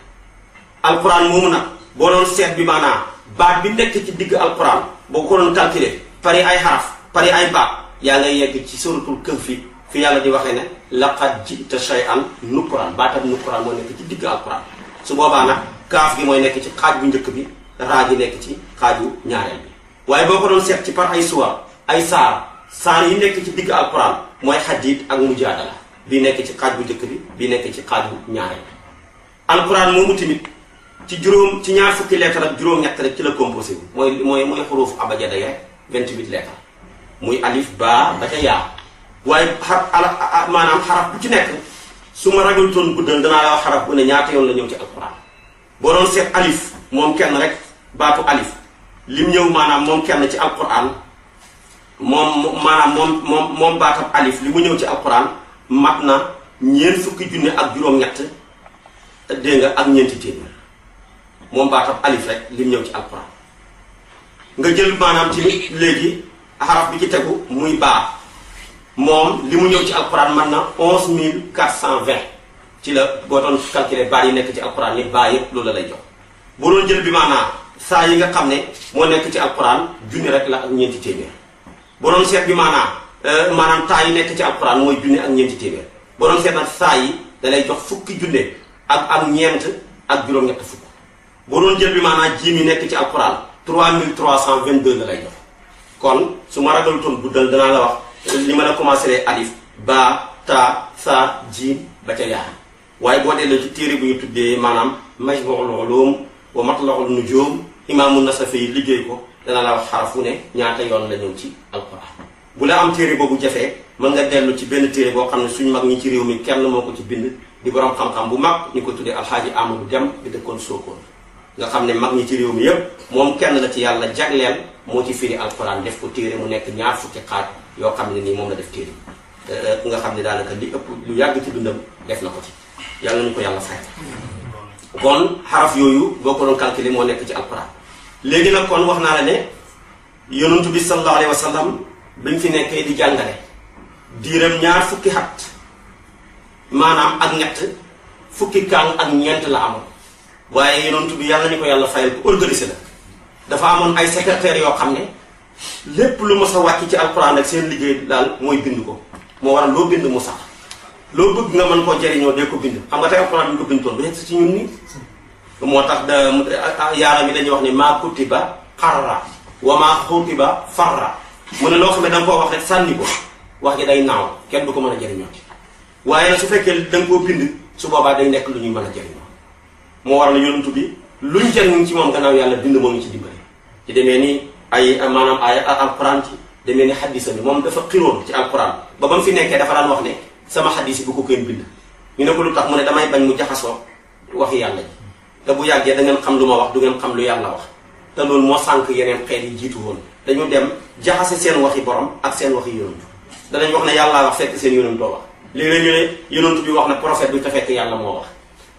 alquran moomu nag boo doon seet bi maanaam baat bi nekk ci digg alquran boo ko doon calculer pari ay xaraf pari ay baat yaa ngay yegg ci suratul kahfi fi yàlla di waxee ne laqad jita shay'an nukuran baatam nukuran moo nekk ci digg alquran su boobaa nag kaaf gi mooy nekk ci xaaj bu njëkk bi raa gi nekk ci xaaju ñaareel bi waaye boo ko doon seet ci par ay suwa ay saar saar yi nekk ci digg alquran mooy xadiid ak mujaadala bi nekk ci xaaj bu njëkk bi bi nekk ci xaaj bu ñaareel alquran moomu tamit ci juróom ci ñaar fukki lettre ak juróom-ñett rek ci la composé bi mooy mooy mooy xuruuf abajada ya rek 28 lettre muy alif ba ba ca yaa waaye xa maanaam xaraf bu ci nekk su ma ragal toon guddal danaa la wax bu ne ñaata yoon la ñëw ci alquran boo doon seet alif moom kenn rek baatu alif lim ñëw maanaam moom kenn ci alquran moom maanaam moom moom moom baatam alif li mu ñëw ci alquran mat na ñeent fukki junne ak juróom-ñett dégg nga ak ñeenti téeméer moom baatam alif rek lim ñëw ci alquran nga jël maanaam ci léegi xaraf bi ci tegu muy baa moom li mu ñëw ci alquran man na onze mille quatre cent vingt ci la boo doon calculer baa yi nekk ci alquran yi baa yëpp loolu la lay jox boo doon jël bi maanaam saa yi nga xam ne moo nekk ci alquran junne rek la ak ñeenti téeméer boo doon seet bi maanaam Euh, maanaam taa yi nekk ci alxuraan mooy junne ak ñeenti téeméer boo doon seetal saa yi da lay jox fukki junne ak am ñeent ak juróom-ñett fukk boo doon jël bi maanaam jiim yi nekk ci alxuraan 3322 la lay jox kon su ma ragalutoon guddal danaa la wax li ma la commencé alif ba ta sa jiim ba ca yaa waaye boo delloo ci téere bu ñu tuddee maanaam majmuul ulum wa matlaul nujum imaamu nasafi liggéey ko dana la wax xarafu ne ñaata yoon la ñëw ci alxuraan bu la am téere boobu jafee mën nga dellu ci benn téere boo xam ne suñ mag ñi ci réew mi kenn moo ko ci bind di borom xam-xam bu mag ñu ko tuddee alxaaji Amadou Dem bi dëkkoon Sokone nga xam ne mag ñi ci réew mi moom kenn la ci yàlla jagleel moo ci firi alxuraan def ko téere mu nekk ñaar fukki yoo xam ne nii moom la def téere nga xam ne daanaka li ëpp lu yàgg ci dundam def na ko ci yàlla nañu ko yàlla fay kon xaraf yooyu boo ko doon calculer moo nekk ci alxuraan léegi nag kon wax naa la ne yonent bi sallallahu alayhi wa bi mu fi nekkee di jàngale diiram ñaar fukki xat maanaam ak ñett fukki kàng ak ñeent la amoon waaye yonent bi yàlla ñu ko yàlla fayal ko organisé la dafa amoon ay secrétaire yoo xam ne lépp lu mos a wàcc ci alxuraan ak seen liggéey daal mooy bind ko moo waral loo bind mu sax loo bëgg nga mën koo jëriñoo dee ko bind xam nga te alxuraan bi ko bind toon du yegsi ci ñun nii moo tax da yaaram yi dañuy wax ni maa ba xarra wa maa xutiba farra wala loo xam ne da nga koo wax sànni ko wax ji day naaw kenn du ko mën a jëriñoo waaye su fekkee da nga koo bind su boobaa day nekk lu ñuy man a jëriñoo moo war waral yonent bi luñ jëriñu ci moom gannaaw yàlla bind moo ñu ci dimbale ci demee ni ay maanaam ay alquran ci demee ni xaddisa bi moom dafa xiroon ci alquran ba ba mu fi nekkee dafa daan wax ne sama xaddis bu ko kenn bind ñu ne ko lu tax mu ne damay bañ mu jaxasoo wax yàlla ji te bu yàggee da ngeen xam lu ma wax du ngeen xam lu yàlla wax te loolu moo sànq yeneen xeet yi jiitu woon dañu dem jaxase seen wax waxi borom ak seen waxi yonantu danañ wax ne yàllaa wax fekk seen yonantoo wax léeg-léeg ñu bi wax na prophète bi te fekk yàlla moo wax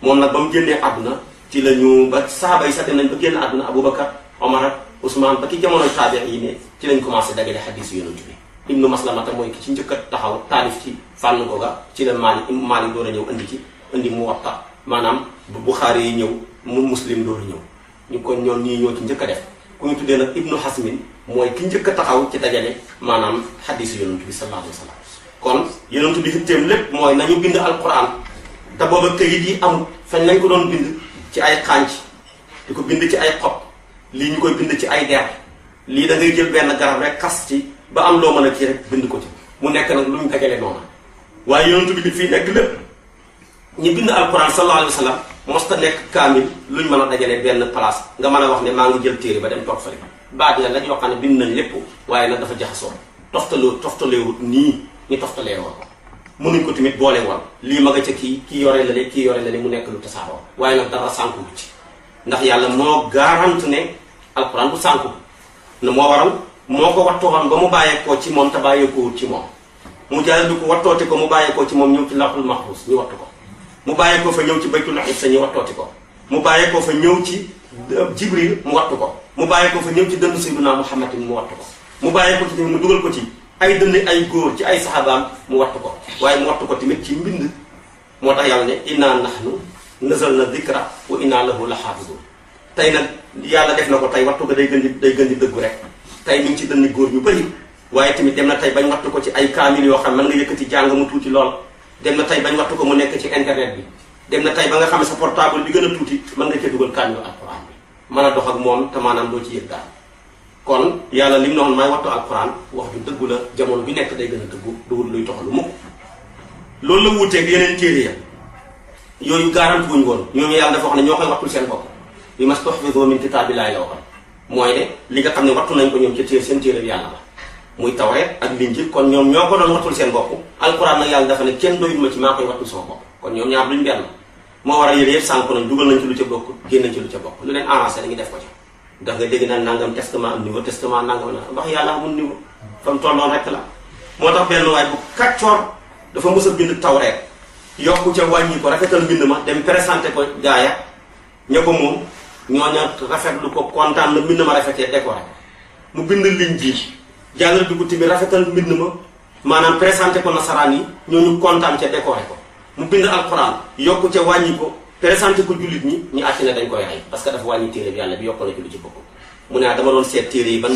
moom nag ba mu génnee àdduna ci la ñu ba saaba yi sax nañ ba génn àdduna Aboubacar Omar ak ba ki jamonoy taabiin yi ne ci lañ commencé dagale xadiis yonantu bi ibnu maslamata mooy ki ci njëkk a taxaw taalif ci fànn googa ci la maali maali door a ñëw indi ci indi mu waxta maanaam bu buxaari yi ñëw mu muslim door ñëw ñu kon ñoom ñii ñoo ci njëkk a def ku ñu tuddee nag ibnu xasmin mooy ki njëkk a taxaw ci dajale maanaam xadiis yonent bi sallallahu alayhi wa sallam kon yonent bi xitteem lépp mooy nañu bind alquran te booba këyit yi amul fañ lañ ko doon bind ci ay xànc di ko bind ci ay xob lii ñu koy bind ci ay der lii da ngay jël benn garab rek xas ci ba am loo mën a kii bind ko ci mu nekk nag lu ñu dajale noonu waaye yonent bi li fii nekk lépp ñu bind alquran sallallahu alayhi wa mosta nekk kaamil ñu mën a dajalee benn place nga mën a wax ne maa ngi jël téere ba dem toog fële baat ya lañ yoo xam ne bind nañ lépp waaye nag dafa jaxasoo toftaloo toftaleewut nii ñu toftalee woon ko mënuñ ko tamit boole woon lii ma ca kii kii yore le kii yore le mu nekk lu tasaaroo waaye nag dara bu ci ndax yàlla moo garante ne alxuraan bu sànku ne moo waral moo ko wattoon ba mu bàyyeekoo ci moom te ci moom mu jaay lu ko wattoote ko mu bàyyeekoo ci moom ñëw ci lawhul mahfuz ñu wattu ko mu bàyyee ko fa ñëw ci bay baytul maqdis ñu wattooti ko mu bàyyee ko fa ñëw ci euh, jibril mu wattu ko mu bàyyee ko fa ñëw ci dënn sayyiduna muhammad mu wattu ko mu bàyyee ko ci tamit mu dugal ko ci ay dënn ay góor ci ay saxaabaam mu wattu ko waaye mu wattu ko tamit ci mbind moo tax yàlla ne inna nahnu nazalna dhikra wa inna lahu lahafizun tey nag yàlla def na ko tey wattu ko day gën di day gën dëggu rek tey ñu ci dënn góor ñu bëri waaye tamit dem na tey bañ wattu ko ci ay kaamil yoo xam mën nga yëkkati jàng mu tuuti lool dem na tey bañ waxtu ko mu nekk ci internet bi dem na tey ba nga xam ne sa portable bi gën a tuuti mën nga cee dugal kànju alquran bi mën a dox ak moom te maanaam doo ci yëg daal kon yàlla lim noonu may waxtu alquran wax ju dëggu la jamono bi nekk day gën a dëggu duwul luy toxalu mukk loolu la wuuteeg yeneen téere ya yooyu garanti wuñ woon ñooñu yàlla dafa wax ne ñoo koy wattul seen bopp bi mas tuhfizu min kitaabillahi la waxoon mooy ne li nga xam ne wattu nañ ko ñoom ca seen téere bi muy tawreet ak linjil kon ñoom ñoo ko doon wattul seen bopp alquran nag yàlla dafa ne kenn doyul ma ci maa koy wattul sama bopp kon ñoom ñaar luñ benn moo war a yële yëpp sànq nañ dugal nañ ci lu ca bokk génn ci lu ca bokk lu leen avancé dañuy def ko ca daf nga dégg naan nangam testament am niveau testament nangam na wax yàlla amul niveau fa mu tolloon la moo tax benn waay bu kàccoor dafa mës a bind tawreet yokku ca wàññi ko rafetal mbind ma dem présenté ko gaaya ña ko moom ñooña rafetlu ko kontaan na mbind ma rafetee décoré mu bind liñ ji jàngal bi guddi bi rafetal mbind ma maanaam présenté ko nasaraan yi ñooñu kontaan ca décoré ko mu bind alxuraan yokk ca wàññi ko présenté ko jullit ñi ñu àcc ne dañ koy rey parce que dafa wàññi téere bi yàlla bi yokk na ci lu ci bokk mu ne ah dama doon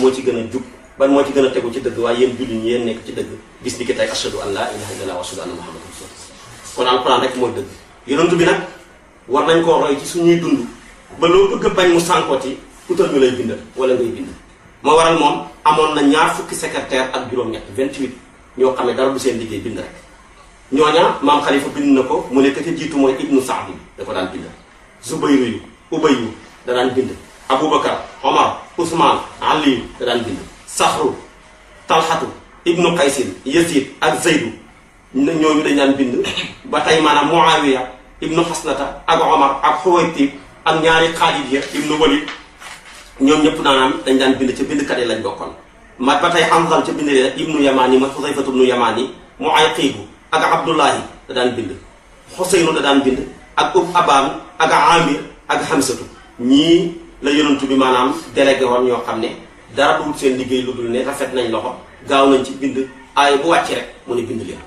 moo ci gën a jub ban moo ci a tegu ci dëgg waaye yéen jullit ñi yéen nekk ci dëgg gis ni ki tey ashadu an laa ilaha illallah wa ashadu anna muhammadan kon alxuraan rek mooy dëgg yonent bi nag war nañ koo roy ci suñuy dund ba loo bëgg a bañ mu sànkooti utal ñu bindal wala ngay bind moo waral moom amoon na ñaar fukki secrétaire ak juróom-ñett 28 ñoo xam ne dara du seen liggéey bind rek ñooña maam xalifa bind na ko mu ne ka ci jiitu mooy ibnu saadi bi da ko daan bind zubayru yu ubayyu da daan bind aboubacar omar ousmane aliyu da daan bind saxru talxatu ibnu kaysin yasid ak zaydu ñooñu dañ daan bind ba tey maanaam muawiya ibnu xasnata ak omar ak xuwaytib ak ñaari xaalid ya ibnu walid ñoom ñëpp naanaam dañ daan bind ca bindkat yi lañ bokkoon mat ba tey Hamza ca bind yi ibnu Yamaani ma Xusayfatu ibnu Yamaani mu Ayqibu ak Abdullahi da daan bind Xuseynu da daan bind ak ub Abaan ak Amir ak Hamsatu ñii la yonantu bi maanaam délégué woon ñoo xam ne dara duwut seen liggéey lu dul ne rafet nañ loxo gaaw nañ ci bind aay bu wàccee rek mu ne bind leen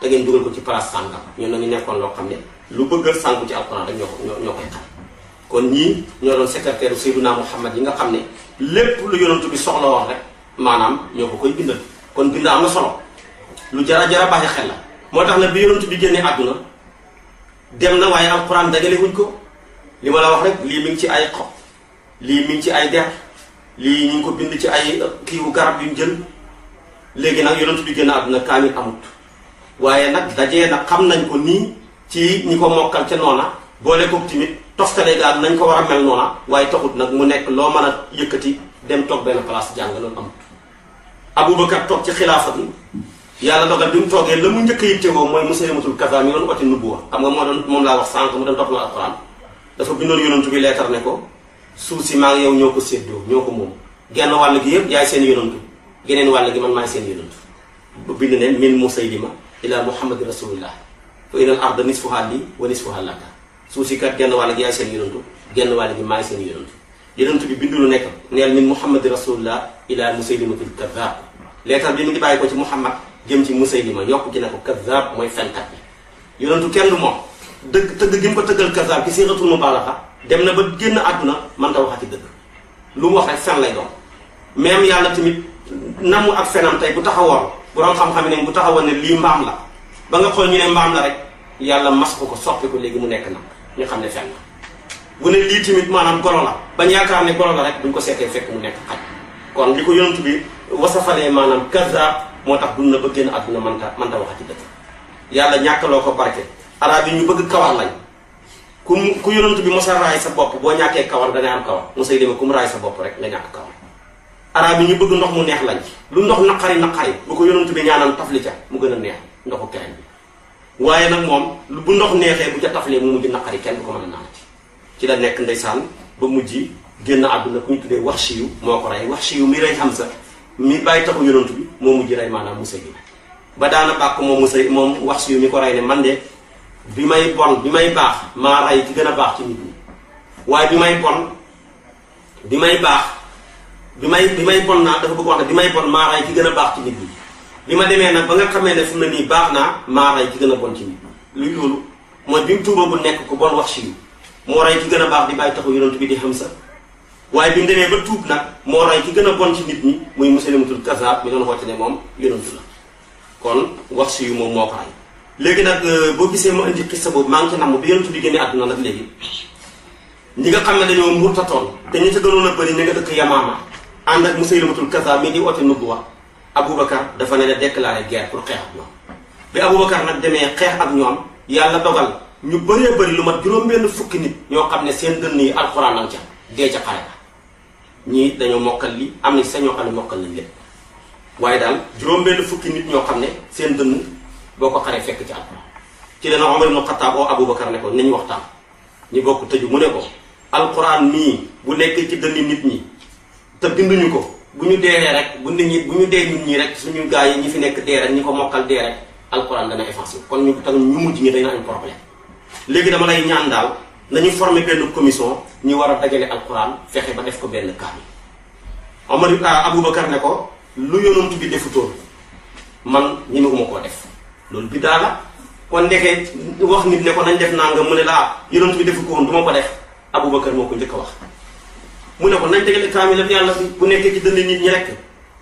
te ngeen dugal ko ci place sàngam ñun dañu nekkoon loo xam ne lu bëggal sànku ci alxuraan rek ñoo ko ñoo koy kon ñii ñoo doon secrétaire u Seydina Muhammad yi nga xam ne lépp lu yonantu bi soxla wax rek maanaam ñoo ko koy bindal kon bind am na solo lu jara jara baaxi xel la moo tax na bi yonantu bi génne àdduna dem na waaye alquran dajale wuñ ko li ma la wax rek lii mi ngi ci ay xob lii mi ngi ci ay der lii ñu ko bind ci ay kiiwu garab yu jël léegi nag yonantu bi génn àdduna kaamil amut waaye nag dajee nag xam nañ ko nii ci ñi ko mokkal ca noona boole koog tamit toftale gaal nañ ko war a mel noona waaye taxut nag mu nekk loo mën a yëkkati dem toog benn place jàng loolu amut Aboubacar toog ci xilaafa bi yàlla dogal bi mu toogee la mu njëkk a yittewoo mooy Musaylamatul Kazzaab mi doon oti nubuwa xam nga moo doon moom laa wax sànq mu doon topp na alxuraan dafa bindoon yonantu bi leetar ne ko suuf si maa ngi yow ñoo ko séddoo ñoo ko moom genn wàll gi yëpp yaay seen yonantu geneen wàll gi man maay seen yonantu ba bind neen min Musaylima ila Muhammad rasulillah fa inal arda nisfuha li wa nisfuha laka suuf si kat genn wàll gi yaay seen yonantu genn wàll gi maay seen yonantu yonantu bi bindu lu nekk neel min muhammad rasulullah ila musaylimatul kazzab leetar bi mu ngi bàyyi ko ci muhammad jëm ci musaylima yokk ci ne ko kazzab mooy fenkat bi yonantu kenn du moom dëgg tëgg gi mu ko tëggal kazzab ki siratul mubalaxa dem na ba génn àdduna mën ta waxati dëgg lu mu wax rek fen lay doon même yàlla tamit namu ak fenam tey bu taxawoon borom xam-xam ne bu taxawoon ne la ba nga xool ñu ne mbaam la yàlla mas ko ko soppi ko léegi mu nekk na ñu xam ne fenn bu ne lii tamit maanaam golo la bañ yaakaar ne golo la rek buñ ko seetee fekk mu nekk xaj kon li ko yonent bi wasafalee maanaam kazaab moo tax dund na ba génn àdduna mënta mënta waxati dëgg yàlla ñàkkaloo ko barke arab yi ñu bëgg kawar lañ ku ku yonent bi mos a raay sa bopp boo ñàkkee kawar dangay am kawar mosay demee ku mu raay sa bopp rek nga ñàkk kawar arab ñu bëgg ndox mu neex lañ lu ndox naqari naqari bu ko yonent bi ñaanam tafli ca mu gën a neex ndoxu keneen bi waaye nag moom bu ndox neexee bu ca taflee mu mujj naqari kenn du ko mën a naanati ci la nekk ndeysaan ba mujj génn àdduna ku ñu tuddee wax si moo ko rey wax si yu mi rey xam sa mi bàyyi taxu yonantu bi moo mujj rey maanaam musa ba daana bàkk moom musa moom wax si yu mi ko man de bi may bon bi may baax maa rey ki gën a baax ci nit ñi waaye bi may bon bi may baax bi may bi may bon naa dafa bëgg wax ne bi may bon maa rey ki gën a baax ci nit yi bi ma demee nag ba nga xamee ne fu mu ne nii baax naa maa rey ki gën a bon ci mi luy loolu mooy bi mu tuuba bu nekk ku bon wax si moo rey gën a baax di bàyyi taxu yonent bi di xam sa waaye bi mu demee ba tuub nag moo rey ki gën a bon ci nit ñi muy musalimatul kazaab mi doon xoote ne moom yonent kon wax si yu moom moo ko léegi nag euh, boo gisee ma indi sa boobu maa ngi ci namm bi yonent bi génnee àdduna nag léegi ñi nga xam ne dañoo murtatoon te ñi ca gënoon a bëri ñi nga dëkk yamaama ànd ak musalimatul kazaab mi di oote nubuwa Aboubacar dafa ne la déclaré guerre pour xeex ak ñoom bi Aboubacar nag demee xeex ak ñoom yàlla dogal ñu baree bari lu mat juróom-benn fukki nit ñoo xam ne seen dënn yi alxuraan lañ ca dee ca xare ba ñii dañoo mokkal li am na sax ñoo xam ne mokkal nañ lépp waaye daal juróom-benn fukki nit ñoo xam ne seen dënn boo ko xaree fekk ci alxuraan ci dana Omar ibn Xattaab oo Aboubacar ne ko nañ waxtaan ñu bokk tëju mu ne ko alxuraan mii bu nekk ci dënni nit ñi te binduñu ko. bu ñu deewee rek bu nit ñi bu ñu dee ñii rek suñu gaa yi ñi fi nekk dee rek ñi ko mokkal dee rek alxuraan dana effacé kon ñu tam ñu mujj ñi dañu am problème léegi dama lay ñaan daal nañu formé benn commission ñu war a dajale alxuraan fexe ba def ko benn kaamil Omar ah, Aboubacar ne ko lu yonent bi defutoon man ñemewuma koo def loolu bi daa la kon ndeke wax nit ne ko nañ def nangam mu ne laa yonent bi defu ko woon du ko def Aboubacar moo ko njëkk a wax mu ne ko nañ tegal kaamil ak yàlla bu nekkee ci dënd nit ñi rek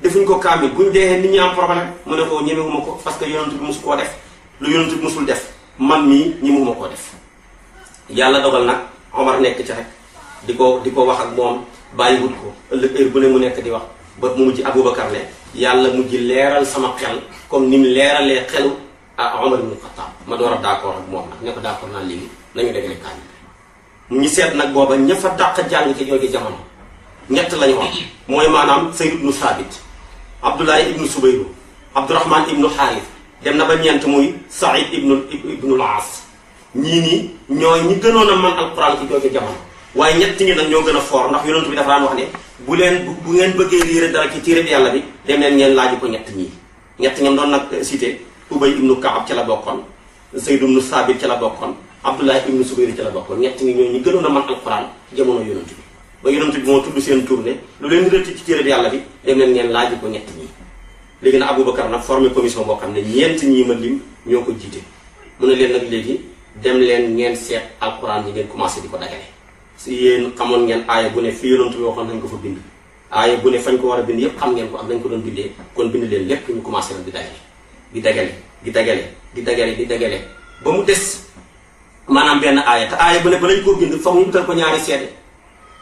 defuñ ko kaamil buñ dee nit ñi am problème mu ne ko ñemewuma ko parce que yonent bi musu koo def lu yonent bi musul def man mii ñemewuma koo def yàlla dogal nag Omar nekk ci rek di ko di ko wax ak moom bàyyiwut ko ëllëg heure bu ne mu nekk di wax ba mu mujj Aboubacar ne yàlla mujj leeral sama xel comme ni mu leeralee xelu ah Omar ibn ma door a d'accord ak moom nag ne ko d'accord naa léegi nañu déglu kaamil ñu seet nag booba ña fa dàq jàng ci jooju jamono ñett lañu wax mooy maanaam Zayd ibnu Saabit Abdullahi ibnu Subayru Abdurahman ibnu Xaaris dem na ba ñeent muy Saïd ibnu ibnu Laas ñii nii ñoo ñi gënoon a mën alquran ci jooju jamono waaye ñett ñi nag ñoo gën a foor ndax yonent bi dafa daan wax ne bu leen bu ngeen bëggee liire dara ci téere bi yàlla bi dem leen ngeen laaju ko ñett ñii ñett ñam doon nag cité Ubay ibnu Kaab ci la bokkoon Zayd ibnu Saabit ci la bokkoon Abdullah ibn Zubayr ci la bokkoon ñett ñi ñoo ñu gënoon a man alquran jamono yonent bi ba yonent bi moo tudd seen tournée lu leen rëtt ci téere yàlla bi dem leen ngeen laaj ko ñett ñi léegi nag Aboubacar nag formé commission boo xam ne ñeent ñii ma lim ñoo ko jiite mu ne leen nag léegi dem leen ngeen seet alquran yi ngeen commencé bi ko dagale si yéen xamoon ngeen aaya bu ne fi yonent bi waxoon nañ ko fa bind aaya bu ne fañ ko war a bind yépp xam ngeen ko ak nañ ko doon bindee kon bind leen lépp ñu commencé nag di dagale di dagale di dagale di dagale di dagale ba mu maanaam benn aaya te aaya bu ba lañ koo bind foog ñu ko ñaari seede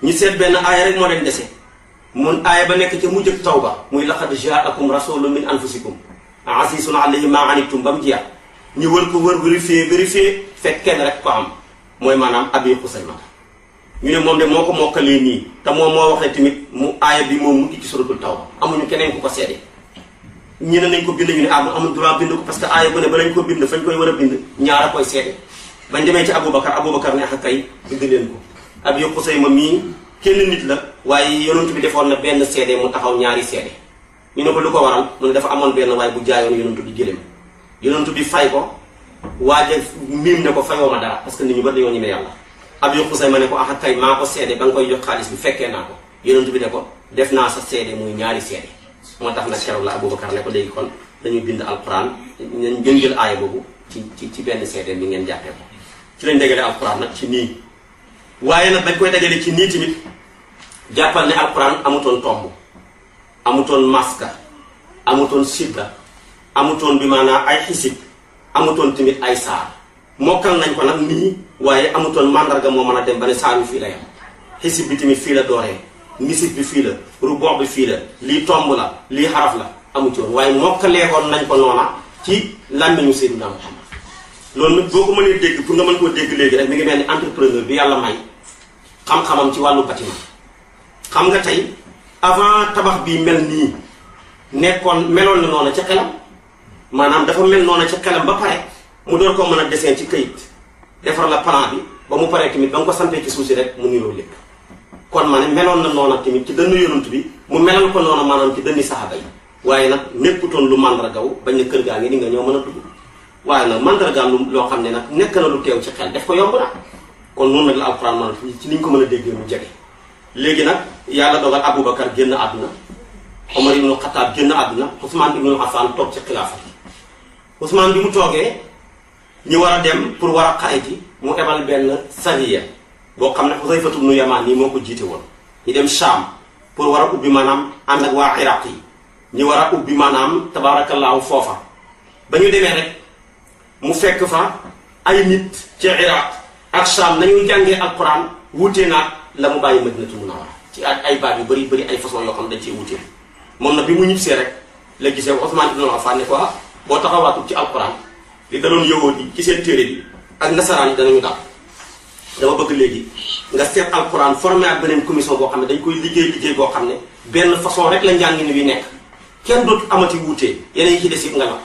ñu seet benn aaya rek moo leen dese mun aaya ba nekk ca mujj ak tawba muy laqad jaakum rasulun min anfusikum azizun alayhi ma anittum ba mu jeex ñu wër ko wër vérifier vérifier fekk kenn rek ko am mooy maanaam abi xusaymata ñu ne moom de moo ko mokkalee nii te moom moo wax ne mu aaya bi moom mujj ci suratul tawba amuñu keneen ku ko seede ñu ne nañ ko bind ñu ne ah amuñ parce que aaya bu bind fañ koy war a bind ñaar a koy seede bañ demee ci Aboubacar Aboubacar ne ak ah, kay bëgg leen ko ab yu Xusayma mii kenn nit la waaye yonent bi defoon na benn seede mu taxaw ñaari seede ñu ne ko lu ko waral mu ne dafa amoon benn waaye bu jaayoon yonent bi gëléem yonent bi fay ko waaja miim ne ko fayoo ma dara parce que nit ñu bari dañoo ñeme yàlla ab yu Xusayma ne ko ak ah, kay maa ko seede ba nga koy jox xaalis bi fekkee naa ko yonent bi ne ko def naa sa seede muy ñaari seede moo tax nag keroog la Aboubacar ne ko léegi kon dañuy bind alquran ngeen jël aaya boobu ci ci ci benn seede bi ngeen jàppee ko ci lañ dajale alquran nag ci nii waaye nag dañ koy dajale ci nii tamit jàppal ne alquran amutoon tomb amutoon maska amutoon sidda amutoon bi maanaam ay xisib amutoon tamit ay saar mokkal nañ ko nag nii waaye amutoon mandarga moo mën a dem ba ne saar yu fii la yam xisib bi tamit fii la dooree misib bi fii la rubox bi fii la lii tomb la lii xaraf la amutoon waaye mokkaleekoon nañ ko noona ci làmmiñu Seydina Muhammad loolu nag boo ko mënee dégg pour nga mën koo dégg léegi rek mi ngi mel ni entrepreneur bi yàlla may xam-xamam ci wàllu bâtiment xam nga tey avant tabax bii mel nii nekkoon meloon na noonu ca xelam maanaam dafa mel noonu ca xelam ba pare mu door koo mën a dessin ci kayit defar la plan bi ba mu paree tamit ba nga ko sampee ci suuf si rek mu nuyoo lépp kon ma ne meloon na noonu tamit ci dënn yonant bi mu melal ko noonu maanaam ci dënni saxaaba yi waaye nag nekkutoon lu màndargaw bañ ne kër gaa ngi ni nga mën a dugg waaye man mandargaal lu loo xam ne nag nekk na lu teew ci xel def ko yomb na kon noonu nag la alxuraan man ci niñ ko mën a déggee mu jege léegi nag yàlla dogal Aboubacar génn àdduna Omar mu xataat génn àdduna Ousmane ibnu Affan toog ci xilaafa bi Ousmane bi mu toogee ñu war a dem pour war a xare ji mu ebal benn sariya boo xam ne Xusayfatu ibnu Yamaan nii moo ko jiite woon ñu dem Sham pour war a ubbi maanaam ànd ak waa Iraq yi ñu war a ubbi maanaam tabaarakallaahu foofa ba ñu mu fekk fa ay nit ci iraq ak saam nañuy jàngee alquran wuute naag la mu bàyyi madinatul munawara ci ak ay baat yu bëri bëri ay façon yoo xam dañ cee wuute moom na bi mu ñibbisee rek la gisee Ousmane ibn Affan ne ko ah, boo taxawaatul ci alquran li daloon yowoot yi ci seen téere bi ak nasaraan yi danañu daal dama bëgg léegi nga seet alquran formé ak beneen commission boo xam ne dañ koy liggéey liggéey boo xam ne benn façon rek la njàngin wi nekk kenn dootu amati wuute yeneen yi ci des yëpp nga la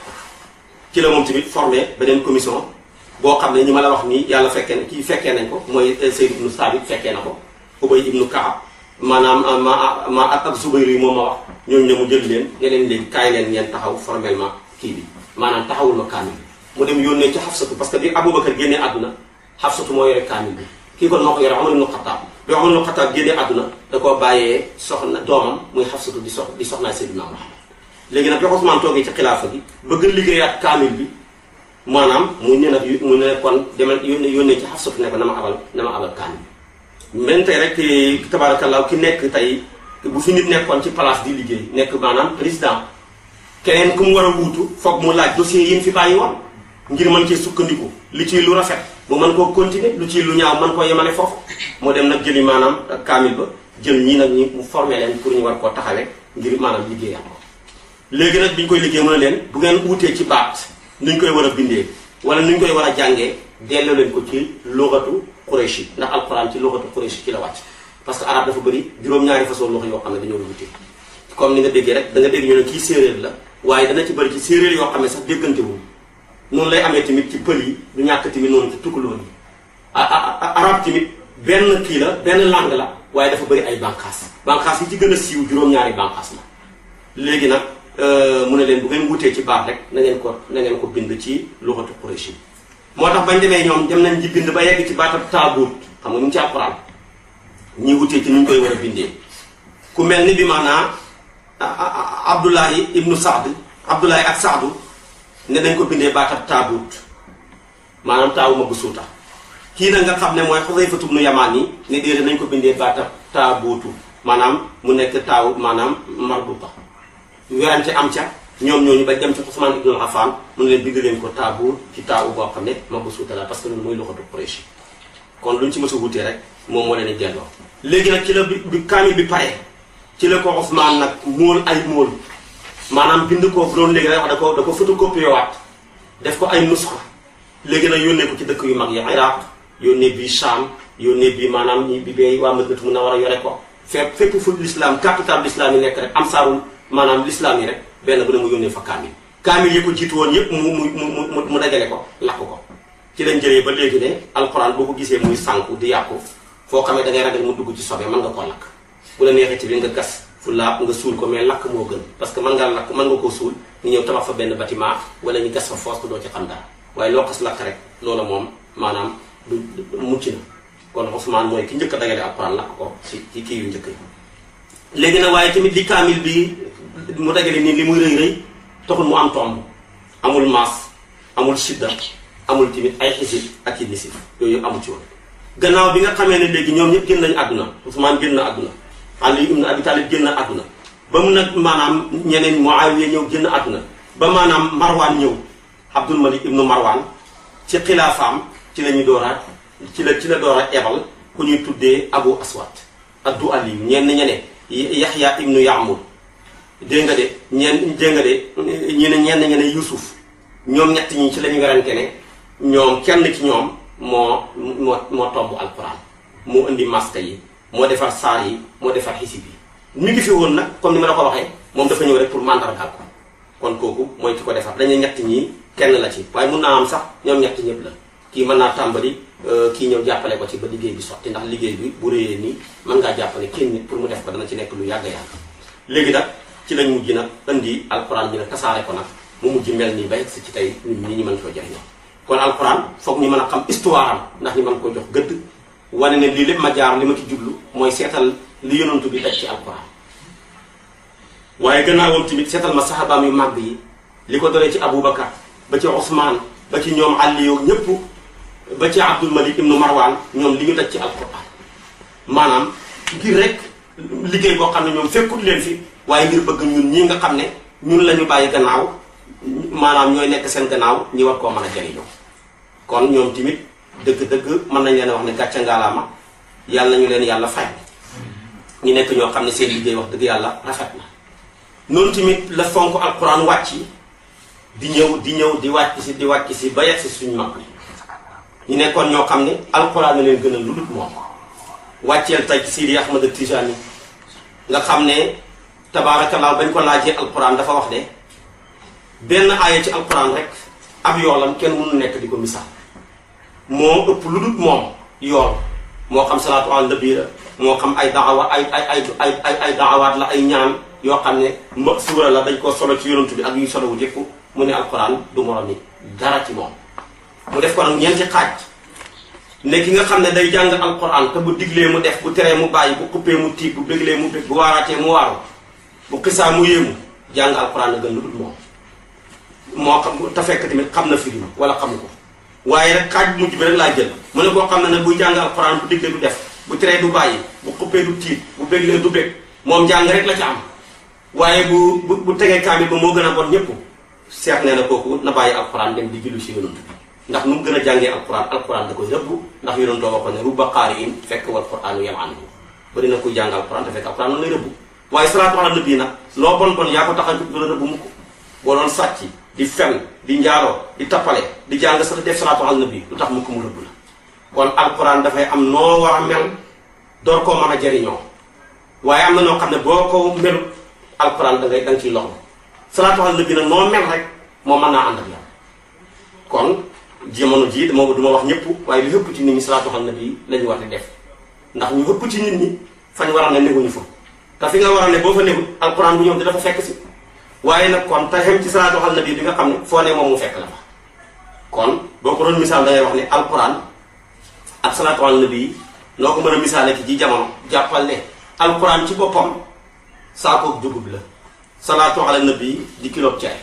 ci la moom tamit formé beneen commission boo xam ne ñi ma la wax ni yàlla fekkee na kii fekkee nañ ko mooy euh, Sayd ibnu Saabit fekkee na ko Ubay ibnu Kaab maanaam euh, ma euh, ma ak Zubayr yi moom ma wax jël leen ne leen léegi kaay leen taxaw formellement kii bi maanaam taxawul ma kaamil bi mu dem yónnee ci Xafsatu parce que bi Aboubacar génnee àdduna Xafsatu moo yore kaamil bi kii kon moo ko yore Omar ibnu Xataab bi Omar ibnu Xataab génnee àdduna da koo bàyyee soxna doomam muy Xafsatu di sox di soxnaa Seydina Muhammad léegi nag bi Ousmane toogee ci xilaafa bi bëgg liggéeyaat kaamil bi maanaam mu ne nag mu ne kon demal yónnee ci Xafsatu ne ko na ma abal na ma abal kaamil bi. même tey rek eh, tabaarakallaa ki nekk tey bu fi nit nekkoon ci place di liggéey nekk maanaam président keneen ku mu war a wuutu foog mu laaj dossier yi fi bàyyi woon ngir mën cee sukkandiku li ci lu rafet bu mën koo continuer lu ci lu ñaaw mën koo yemale foofu moo dem nag jëli maanaam kaamil ba jël ñii nag ñi mu pour ñu war koo taxale ngir maanaam liggéeyam. léegi nag bi ñu koy liggéey mën a leen bu ngeen wutee ci baat ni ñu koy war a bindee wala nu ñu koy war a jàngee delloo leen ko ci lugatu Quraysh ndax alquran ci lugatu Quraysh ci la wàcc parce que arab dafa bëri juróom-ñaari façon loxo yoo xam ne dañoo wute comme ni nga déggee rek da nga dégg ñu ne kii séeréer la waaye dana ci bëri ci séeréer yoo xam ne sax déggante wu noonu lay amee tamit ci pël yi du ñàkk tamit noonu ci tukkuloo yi arab tamit benn kii la benn langue la waaye dafa bëri ay bànqaas bànqaas yi ci gën a siiw juróom-ñaari bànqaas la léegi nag Euh, mu ne leen bu ngeen wutee ci baax rek na ngeen ko na ko bind ci luxatu Quraysh moo tax bañ demee ñoom dem nañ ci bind ba yegg ci baatab taabuut xam nga ñu ngi ci ñi wutee ci nu mel ni bi maanaa Abdullahi ibnu Saad Abdullahi ak Saadu ne ko bindee baatab taabuut maanaam ma bu suuta kii nag nga xam ne mooy Xudayfatu ibnu Yamaan yi ne déedéet nañ ko bindee baatab taabuutu maanaam mu nekk taaw maanaam marbuta werante am ca ñoom ñooñu ba dem ci Ousmane Ibn Affan mu ne leen bind leen ko taabu ci taabu boo xam ne ma ko suutala parce que loolu mooy loxo du Quraysh kon luñ ci mës a wutee rek moom moo leen delloo. léegi nag ci la bi kaamil bi pare ci la ko Ousmane nag mool ay mool maanaam bind ko loolu léegi nag da ko da ko photocopie waat def ko ay nusxa léegi nag yónnee ko ci dëkk yu mag yi Iraq yónnee bii Sham yónnee bii maanaam bi bee waa Madinatu Munawwara yore ko. fépp fépp fu l'islam capital l'islam yi nekk rek am saarum maanaam l'islam yi rek benn bu ne mu yónnee fa kaamil kaamil yi ko jiitu woon yëpp mu mu mu mu dajale ko lakk ko ci lañ jëlee ba léegi ne alxuraan boo ko gisee muy sànku di yàqu foo xam ne ngay ragal mu dugg ci sobe mën nga koo lakk bu la neexee ci biir moo gën parce que mën ngaa lakk mën nga koo suul ñu ñëw tabax fa benn wala ñu gas fa doo ci xam dara waaye loo xas lakk rek loola moom maanaam du mucc na kon Ousmane mooy ki njëkk a lakk ko ci ci kii yu njëkk yi tamit li kaamil bi mu dajale ni li muy rëy rëy taxul mu am tomb amul maas amul sidda amul tamit ay xisib ak i nisif yooyu yëpp amu ci gannaaw bi nga xamee ne léegi ñoom ñëpp génn nañu àdduna Ousmane génn na àdduna Ali ibn Abi Talib àdduna ba mu nag maanaam ñeneen Muawiya ñëw génn àdduna ba maanaam Marwaan ñëw Abdul Malik ibnu Marwaan ci xilaafaam ci la ñu dooraat ci la ci la door a ebal ku ñuy tuddee Abu Aswad addu Ali ñenn ñeneen Yaxya ibnu Yaamur dégg nga de ñeen dégg nga de ñu ne ñenn ñi Yuusuf ñoom ñett ñi ci la ñu werante ñoom kenn ci ñoom moo moo moo tomb alquran moo indi masque yi moo defar saar yi moo defar xisib yi mi ngi fi woon nag comme ni ma la ko waxee moom dafa ñëw rek pour mandargaal ko kon kooku mooy ki ko defar dañu ñett ñi kenn la ci waaye mun naa am sax ñoom ñett ñëpp la kii mën naa tàmbali euh, kii ñëw jàppale ko ci ba liggéey bi sotti ndax liggéey bi bu réyee nii mën ngaa jàppale kenn nit pour mu def ko dana ci nekk lu yàgg-yàgg léegi nag ci lañ mujj nag indi alxuraan ji nag tasaare ko nag mu mujj mel ni bay si ci tey nit ñi mën koo jëriñoo kon alxuraan foog ñu mën a xam histoire am ndax ñu mën koo jox gëdd wane ne lii lépp ma jaar li ma ci jublu mooy seetal li yonantu bi daj ci alxuraan waaye gannaawam tamit seetal ma saxaabaam yu màgg yi li ko dolee ci Aboubacar ba ci Ousmane ba ci ñoom Aliyu ñëpp ba ci Abdul Malik ibnu Marwan ñoom li ñu daj ci alxuraan maanaam ngir rek liggéey boo xam ne ñoom fekkut leen fi waaye ngir bëgg ñun ñii nga xam ne ñun la ñu bàyyi gannaaw maanaam ñooy nekk seen gannaaw ñi war koo mën a jëriñoo kon ñoom timit dëgg-dëgg mën nañ leen wax ne gàcce ngaalaama yàlla ñu leen yàlla fay ñu nekk ñoo xam ne seen liggéey wax dëgg yàlla rafet na noonu tamit la fonk alquran wàcc di ñëw di ñëw di wàcc si di wàcc si ba yegg si suñu mag ñu nekkoon ñoo xam ne alquran na leen gën a lu dul moom wàcceel tey ci Sidi Ahmad Tijani nga xam ne tabaarakallaahu bañ ko laajee alquran dafa wax ne benn aaya ci alquran rek ab yoolam kenn mënu nekk di ko misaal moo ëpp lu dul moom yool moo xam salaatu ala nabi la moo xam ay daawa ay ay ay ay ay daawaat la ay ñaan yoo xam ne mba suura la dañ koo solo ci yonantu bi ak yuy solo wu jëkk mu ne alquran du moroom yi dara ci moom mu def ko nag ñeenti xaaj ne nga xam ne day jàng alquran te bu diglee mu def bu teree mu bàyyi bu xuppee mu tiib bu béglee mu bég bu waaraatee bu xisaa mu yéemu jàng alxuraan la gën lu dul moom moo xam te fekk tamit xam na firi wala xamu ko waaye rek xaaj mujj bi rek laa jël mu na koo xam ne nag buy jàng alxuraan bu diggee def bu teree du bàyyi bu xuppee bu béglee du bég moom jàng rek la am waaye bu bu bu tegee kaamil ba moo gën a bon ñëpp seet nee na kooku na bàyyi alxuraan dem di jullu si yonent bi ndax mu gën a jàngee alxuraan alxuraan da koy rëbb ndax yonentoo waxoon ne rubba qaari'in fekk wal qur'aanu yam'an na kuy jàng alxuraan te fekk alxuraan la ngay waaye salaatu ala nabi nag loo bon bon yaa ko tax a du la rëbb mukk boo doon sàcc di fen di njaaroo di tappale di jàng sa def salaatu ala lu tax mukk mu rëbb la kon alquran dafay am noo war a mel door koo mën a jariñoo waaye am na noo xam ne boo ko melu alquran da ngay da loxo salaatu ala na noo mel rek moo man naa ànd ak kon jamono jii dama du ma wax ñëpp waaye li ëpp ci nit ñi salaatu ala nabi la ñu def ndax ñu ëpp ci nit ñi fañ war te fi nga war a ne boo fa newul alquran bu ñëw di dafa fekk si waaye nag kon taxem ci salaatu ala nabi bi nga xam ne foo ne moom mu fekk la fa kon boo ko doon misaal dangay wax ne alquran ak salaatu ala nabi yi noo ko mën a misaale ki ji jamono jàppal ne alquran ci boppam saakoog dugub la salaatu ala nabi di kilo caay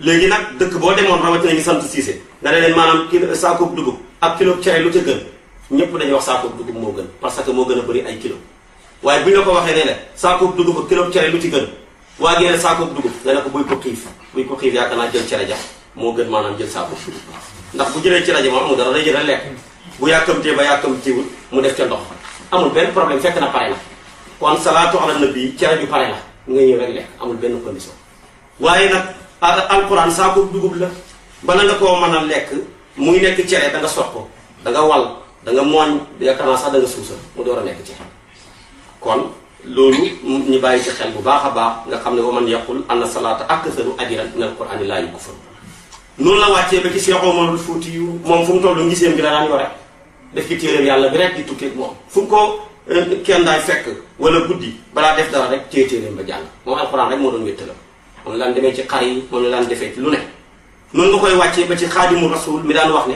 léegi nag dëkk boo demoon rawatina ñu sant siise nga ne leen maanaam kilo saakoog dugub ak kilo caay lu ca gën ñëpp dañuy wax saakoog dugub moo gën parce que moo gën a bëri ay kilo waaye bu ñu ko waxee nee na saakoob dugub ak kilo cere lu ci gën waa gi nee na dugub nee na ko buy ko xiif buy ko xiif yaakaar naa jël cere ja moo gën maanaam jël saakoob dugub ndax bu jëlee cere ja moom amul dara day jël lekk bu yàkkamtee ba yàkkamtiwul mu def ca ndox amul benn problème fekk na pare la kon salaatu ala nabi cere ju pare nga ñëw rek amul benn condition waaye nag alquran saakoob dugub la bala nga koo mën a lekk muy nekk cere da nga sot ko da nga wal da nga mooñ yaakaar naa sax da nga suusal mu door a nekk cere kon loolu ñu bàyyi ci xel bu baax a baax nga xam ne wa man yaqul anna salaata aksaru ajran min alqur'ani laa yukfar noonu la wàccee ba ci Cheikh Omarul Fouti yu moom fu mu toll ngiseem bi danaan yore def ci téeréem yàlla bi rek di tukkeeg moom fu mu ko euh, kenn daay fekk wala guddi balaa def dara rek téye téeréem ba jàng moom alquran rek moo doon wéttalam moom la daan demee ci xar yi moom la daan defee ci lu ne noonu nga koy wàccee ba ci xaadimu rasul mi daan wax ne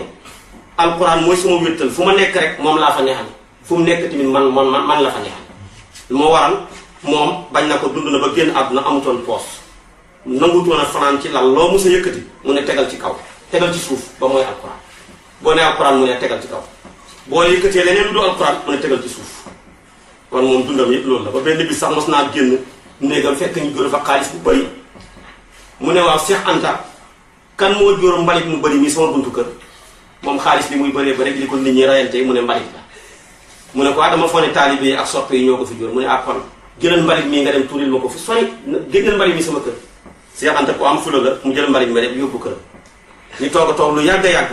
alquran mooy suma wéttal fu ma nekk rek moom laa fa neex fu mu nekk tamit man man man la fa neexal lu waral moom bañ na ko dund na ba génn àdduna amutoon poos nangutoon a fanaan ci lal loo mos a yëkkati mu ne tegal ci kaw tegal ci suuf ba mooy alquran boo ne alquran mu ne tegal ci kaw boo yëkkatee leneen lu du alquran mu tegal ci suuf kon moom dundam yëpp loolu la ba benn bi sax mos naa génn néegam fekk ñu gën fa xaalis bu bëri mu ne waaw Cheikh Anta kan moo jóor mbalit mu bëri mii sama buntu kër moom xaalis bi muy bëree ba rek li ko nit ñi rayante mu ne mbalit la mu ne ko ah dama foog ne taalibe yi ak soppe yi ñoo ko fi jur mu ne ah kon jëlal mbalit mii nga dem tuuril ma ko sama kër Seex Anta la mu jël mbalit mi rek yóbbu kër ñu toog a toog lu yàgg a yàgg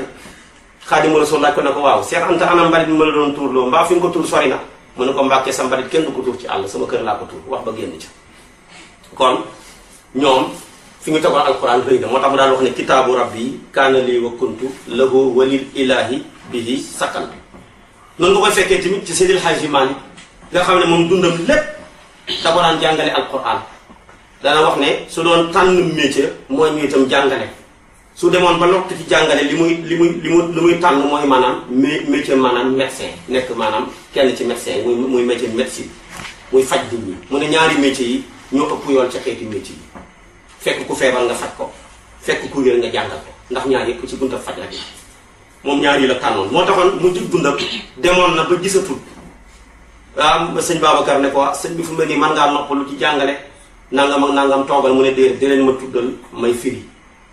Xaadimu Rasuul laaj ko ko waaw Seex Anta ana ma la doon tuurloo mbaa fi nga ko tuur sori na mu ne ko mbàkkee sa mbalit kenn du ko tuur ci àll sama kër laa ko tuur wax ba génn ca kon ñoom fi ñu tegoon alquran rëy na moo tax mu daan wax ne kitaabu rabbi kaana lii wa kuntu lahu walil ilahi bihi sakkan noonu nga koy fekkee tamit ci Seydil Hadji Malick nga xam ne moom dundam lépp da ko daan jàngale alquran dana wax ne su doon tànn métier mooy ñu itam jàngale su demoon ba lott ci jàngale li muy li muy li mu li muy tànn mooy maanaam métier maanaam médecin nekk maanaam kenn ci médecin muy muy métier médecine muy faj nit ñi mu ñaari métier yi ñoo ëpp yoon ci xeeti métier yi fekk ku feebar nga faj ko fekk ku nga jàngal ko ndax ñaar yëpp ci bunta faj la moom ñaar la tànnoon moo taxoon mu jub dundam demoon na ba a gisatul waaw sëñ Babacar ne ko ah, sëñ bi fu mel nii man ngaa noppalu ci jàngale nanga ma ak nangam toogal mu ne de de leen ma tuddal may firi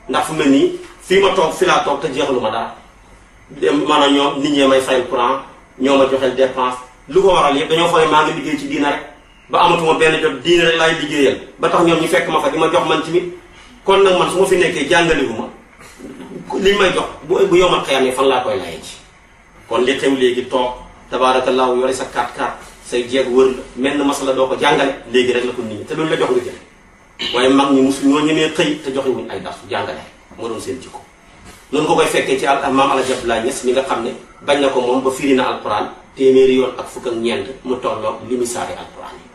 ndax fu mel nii fii ma toog fi toog te jeexalu ma dara a ñoom nit ñee may fay courant ñoo ma joxel dépense lu ko waral yëpp dañoo fay maa ngi liggéey ci diina rek ba amatuma benn jot diina rek laay liggéeyal ba tax ñoom ñu fekk ma fa di ma jox man ci kon nag man su ma fi nekkee jàngaliwu ma liñ may jox bu bu yomal xëyam fan laa koy laye ci kon li xew léegi toog tabaarakallaahu yore sa kat kat say jeeg wër la mel na masala doo ko jàngale léegi rek la ko nit ñi te loolu la jox nga jël waaye mag ñi musu ñoo ñemee xëy te joxe wuñ ay darsu jàngale moo doon seen jikko noonu ko koy fekkee ci al maam Alaaji Abdoulaye Niass mi nga xam ne bañ na ko moom ba firi na alquran téeméeri yoon ak fukk ak ñeent mu tolloog li misaari alquran yi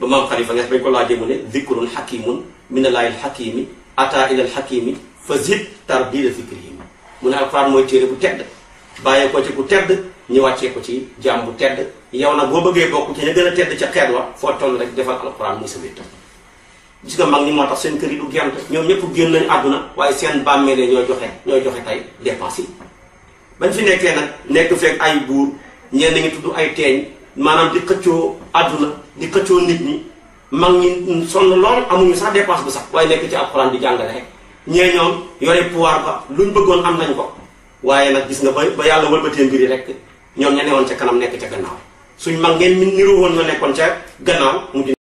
ba maam Xalifa Niass bañ ko laajee mu ne dikrun hakimun fa zid tarbiya fikrihim mu ne alxuraan mooy téere bu tedd bàyyee ko ci ku tedd ñu wàccee ko ci jaam bu tedd yow nag boo bëggee bokk ci ña gën a tedd ca xeet wa foo toll rek defal alxuraan muy sa wétta gis nga mag ñi moo tax seen kër yi du gent ñoom ñëpp génn nañu àdduna waaye seen bàmmeele ñoo joxe ñoo joxe tey dépense yi bañ fi nekkee nag nekk fekk ay buur ñenn ñi tudd ay teeñ maanaam di xëccoo àdduna di xëccoo nit ñi mag ñi sonn lool amuñu sax dépense bu sax waaye nekk ci alxuraan di jàngale rek ñee ñoom yore pouvoir ba ñu bëggoon am nañ ko waaye nag gis nga ba ba yàlla wëlbatee mbir yi rek ñoom ña newoon ca kanam nekk ca gannaaw suñ mag ngeen niroo woon na nekkoon ca gannaaw mu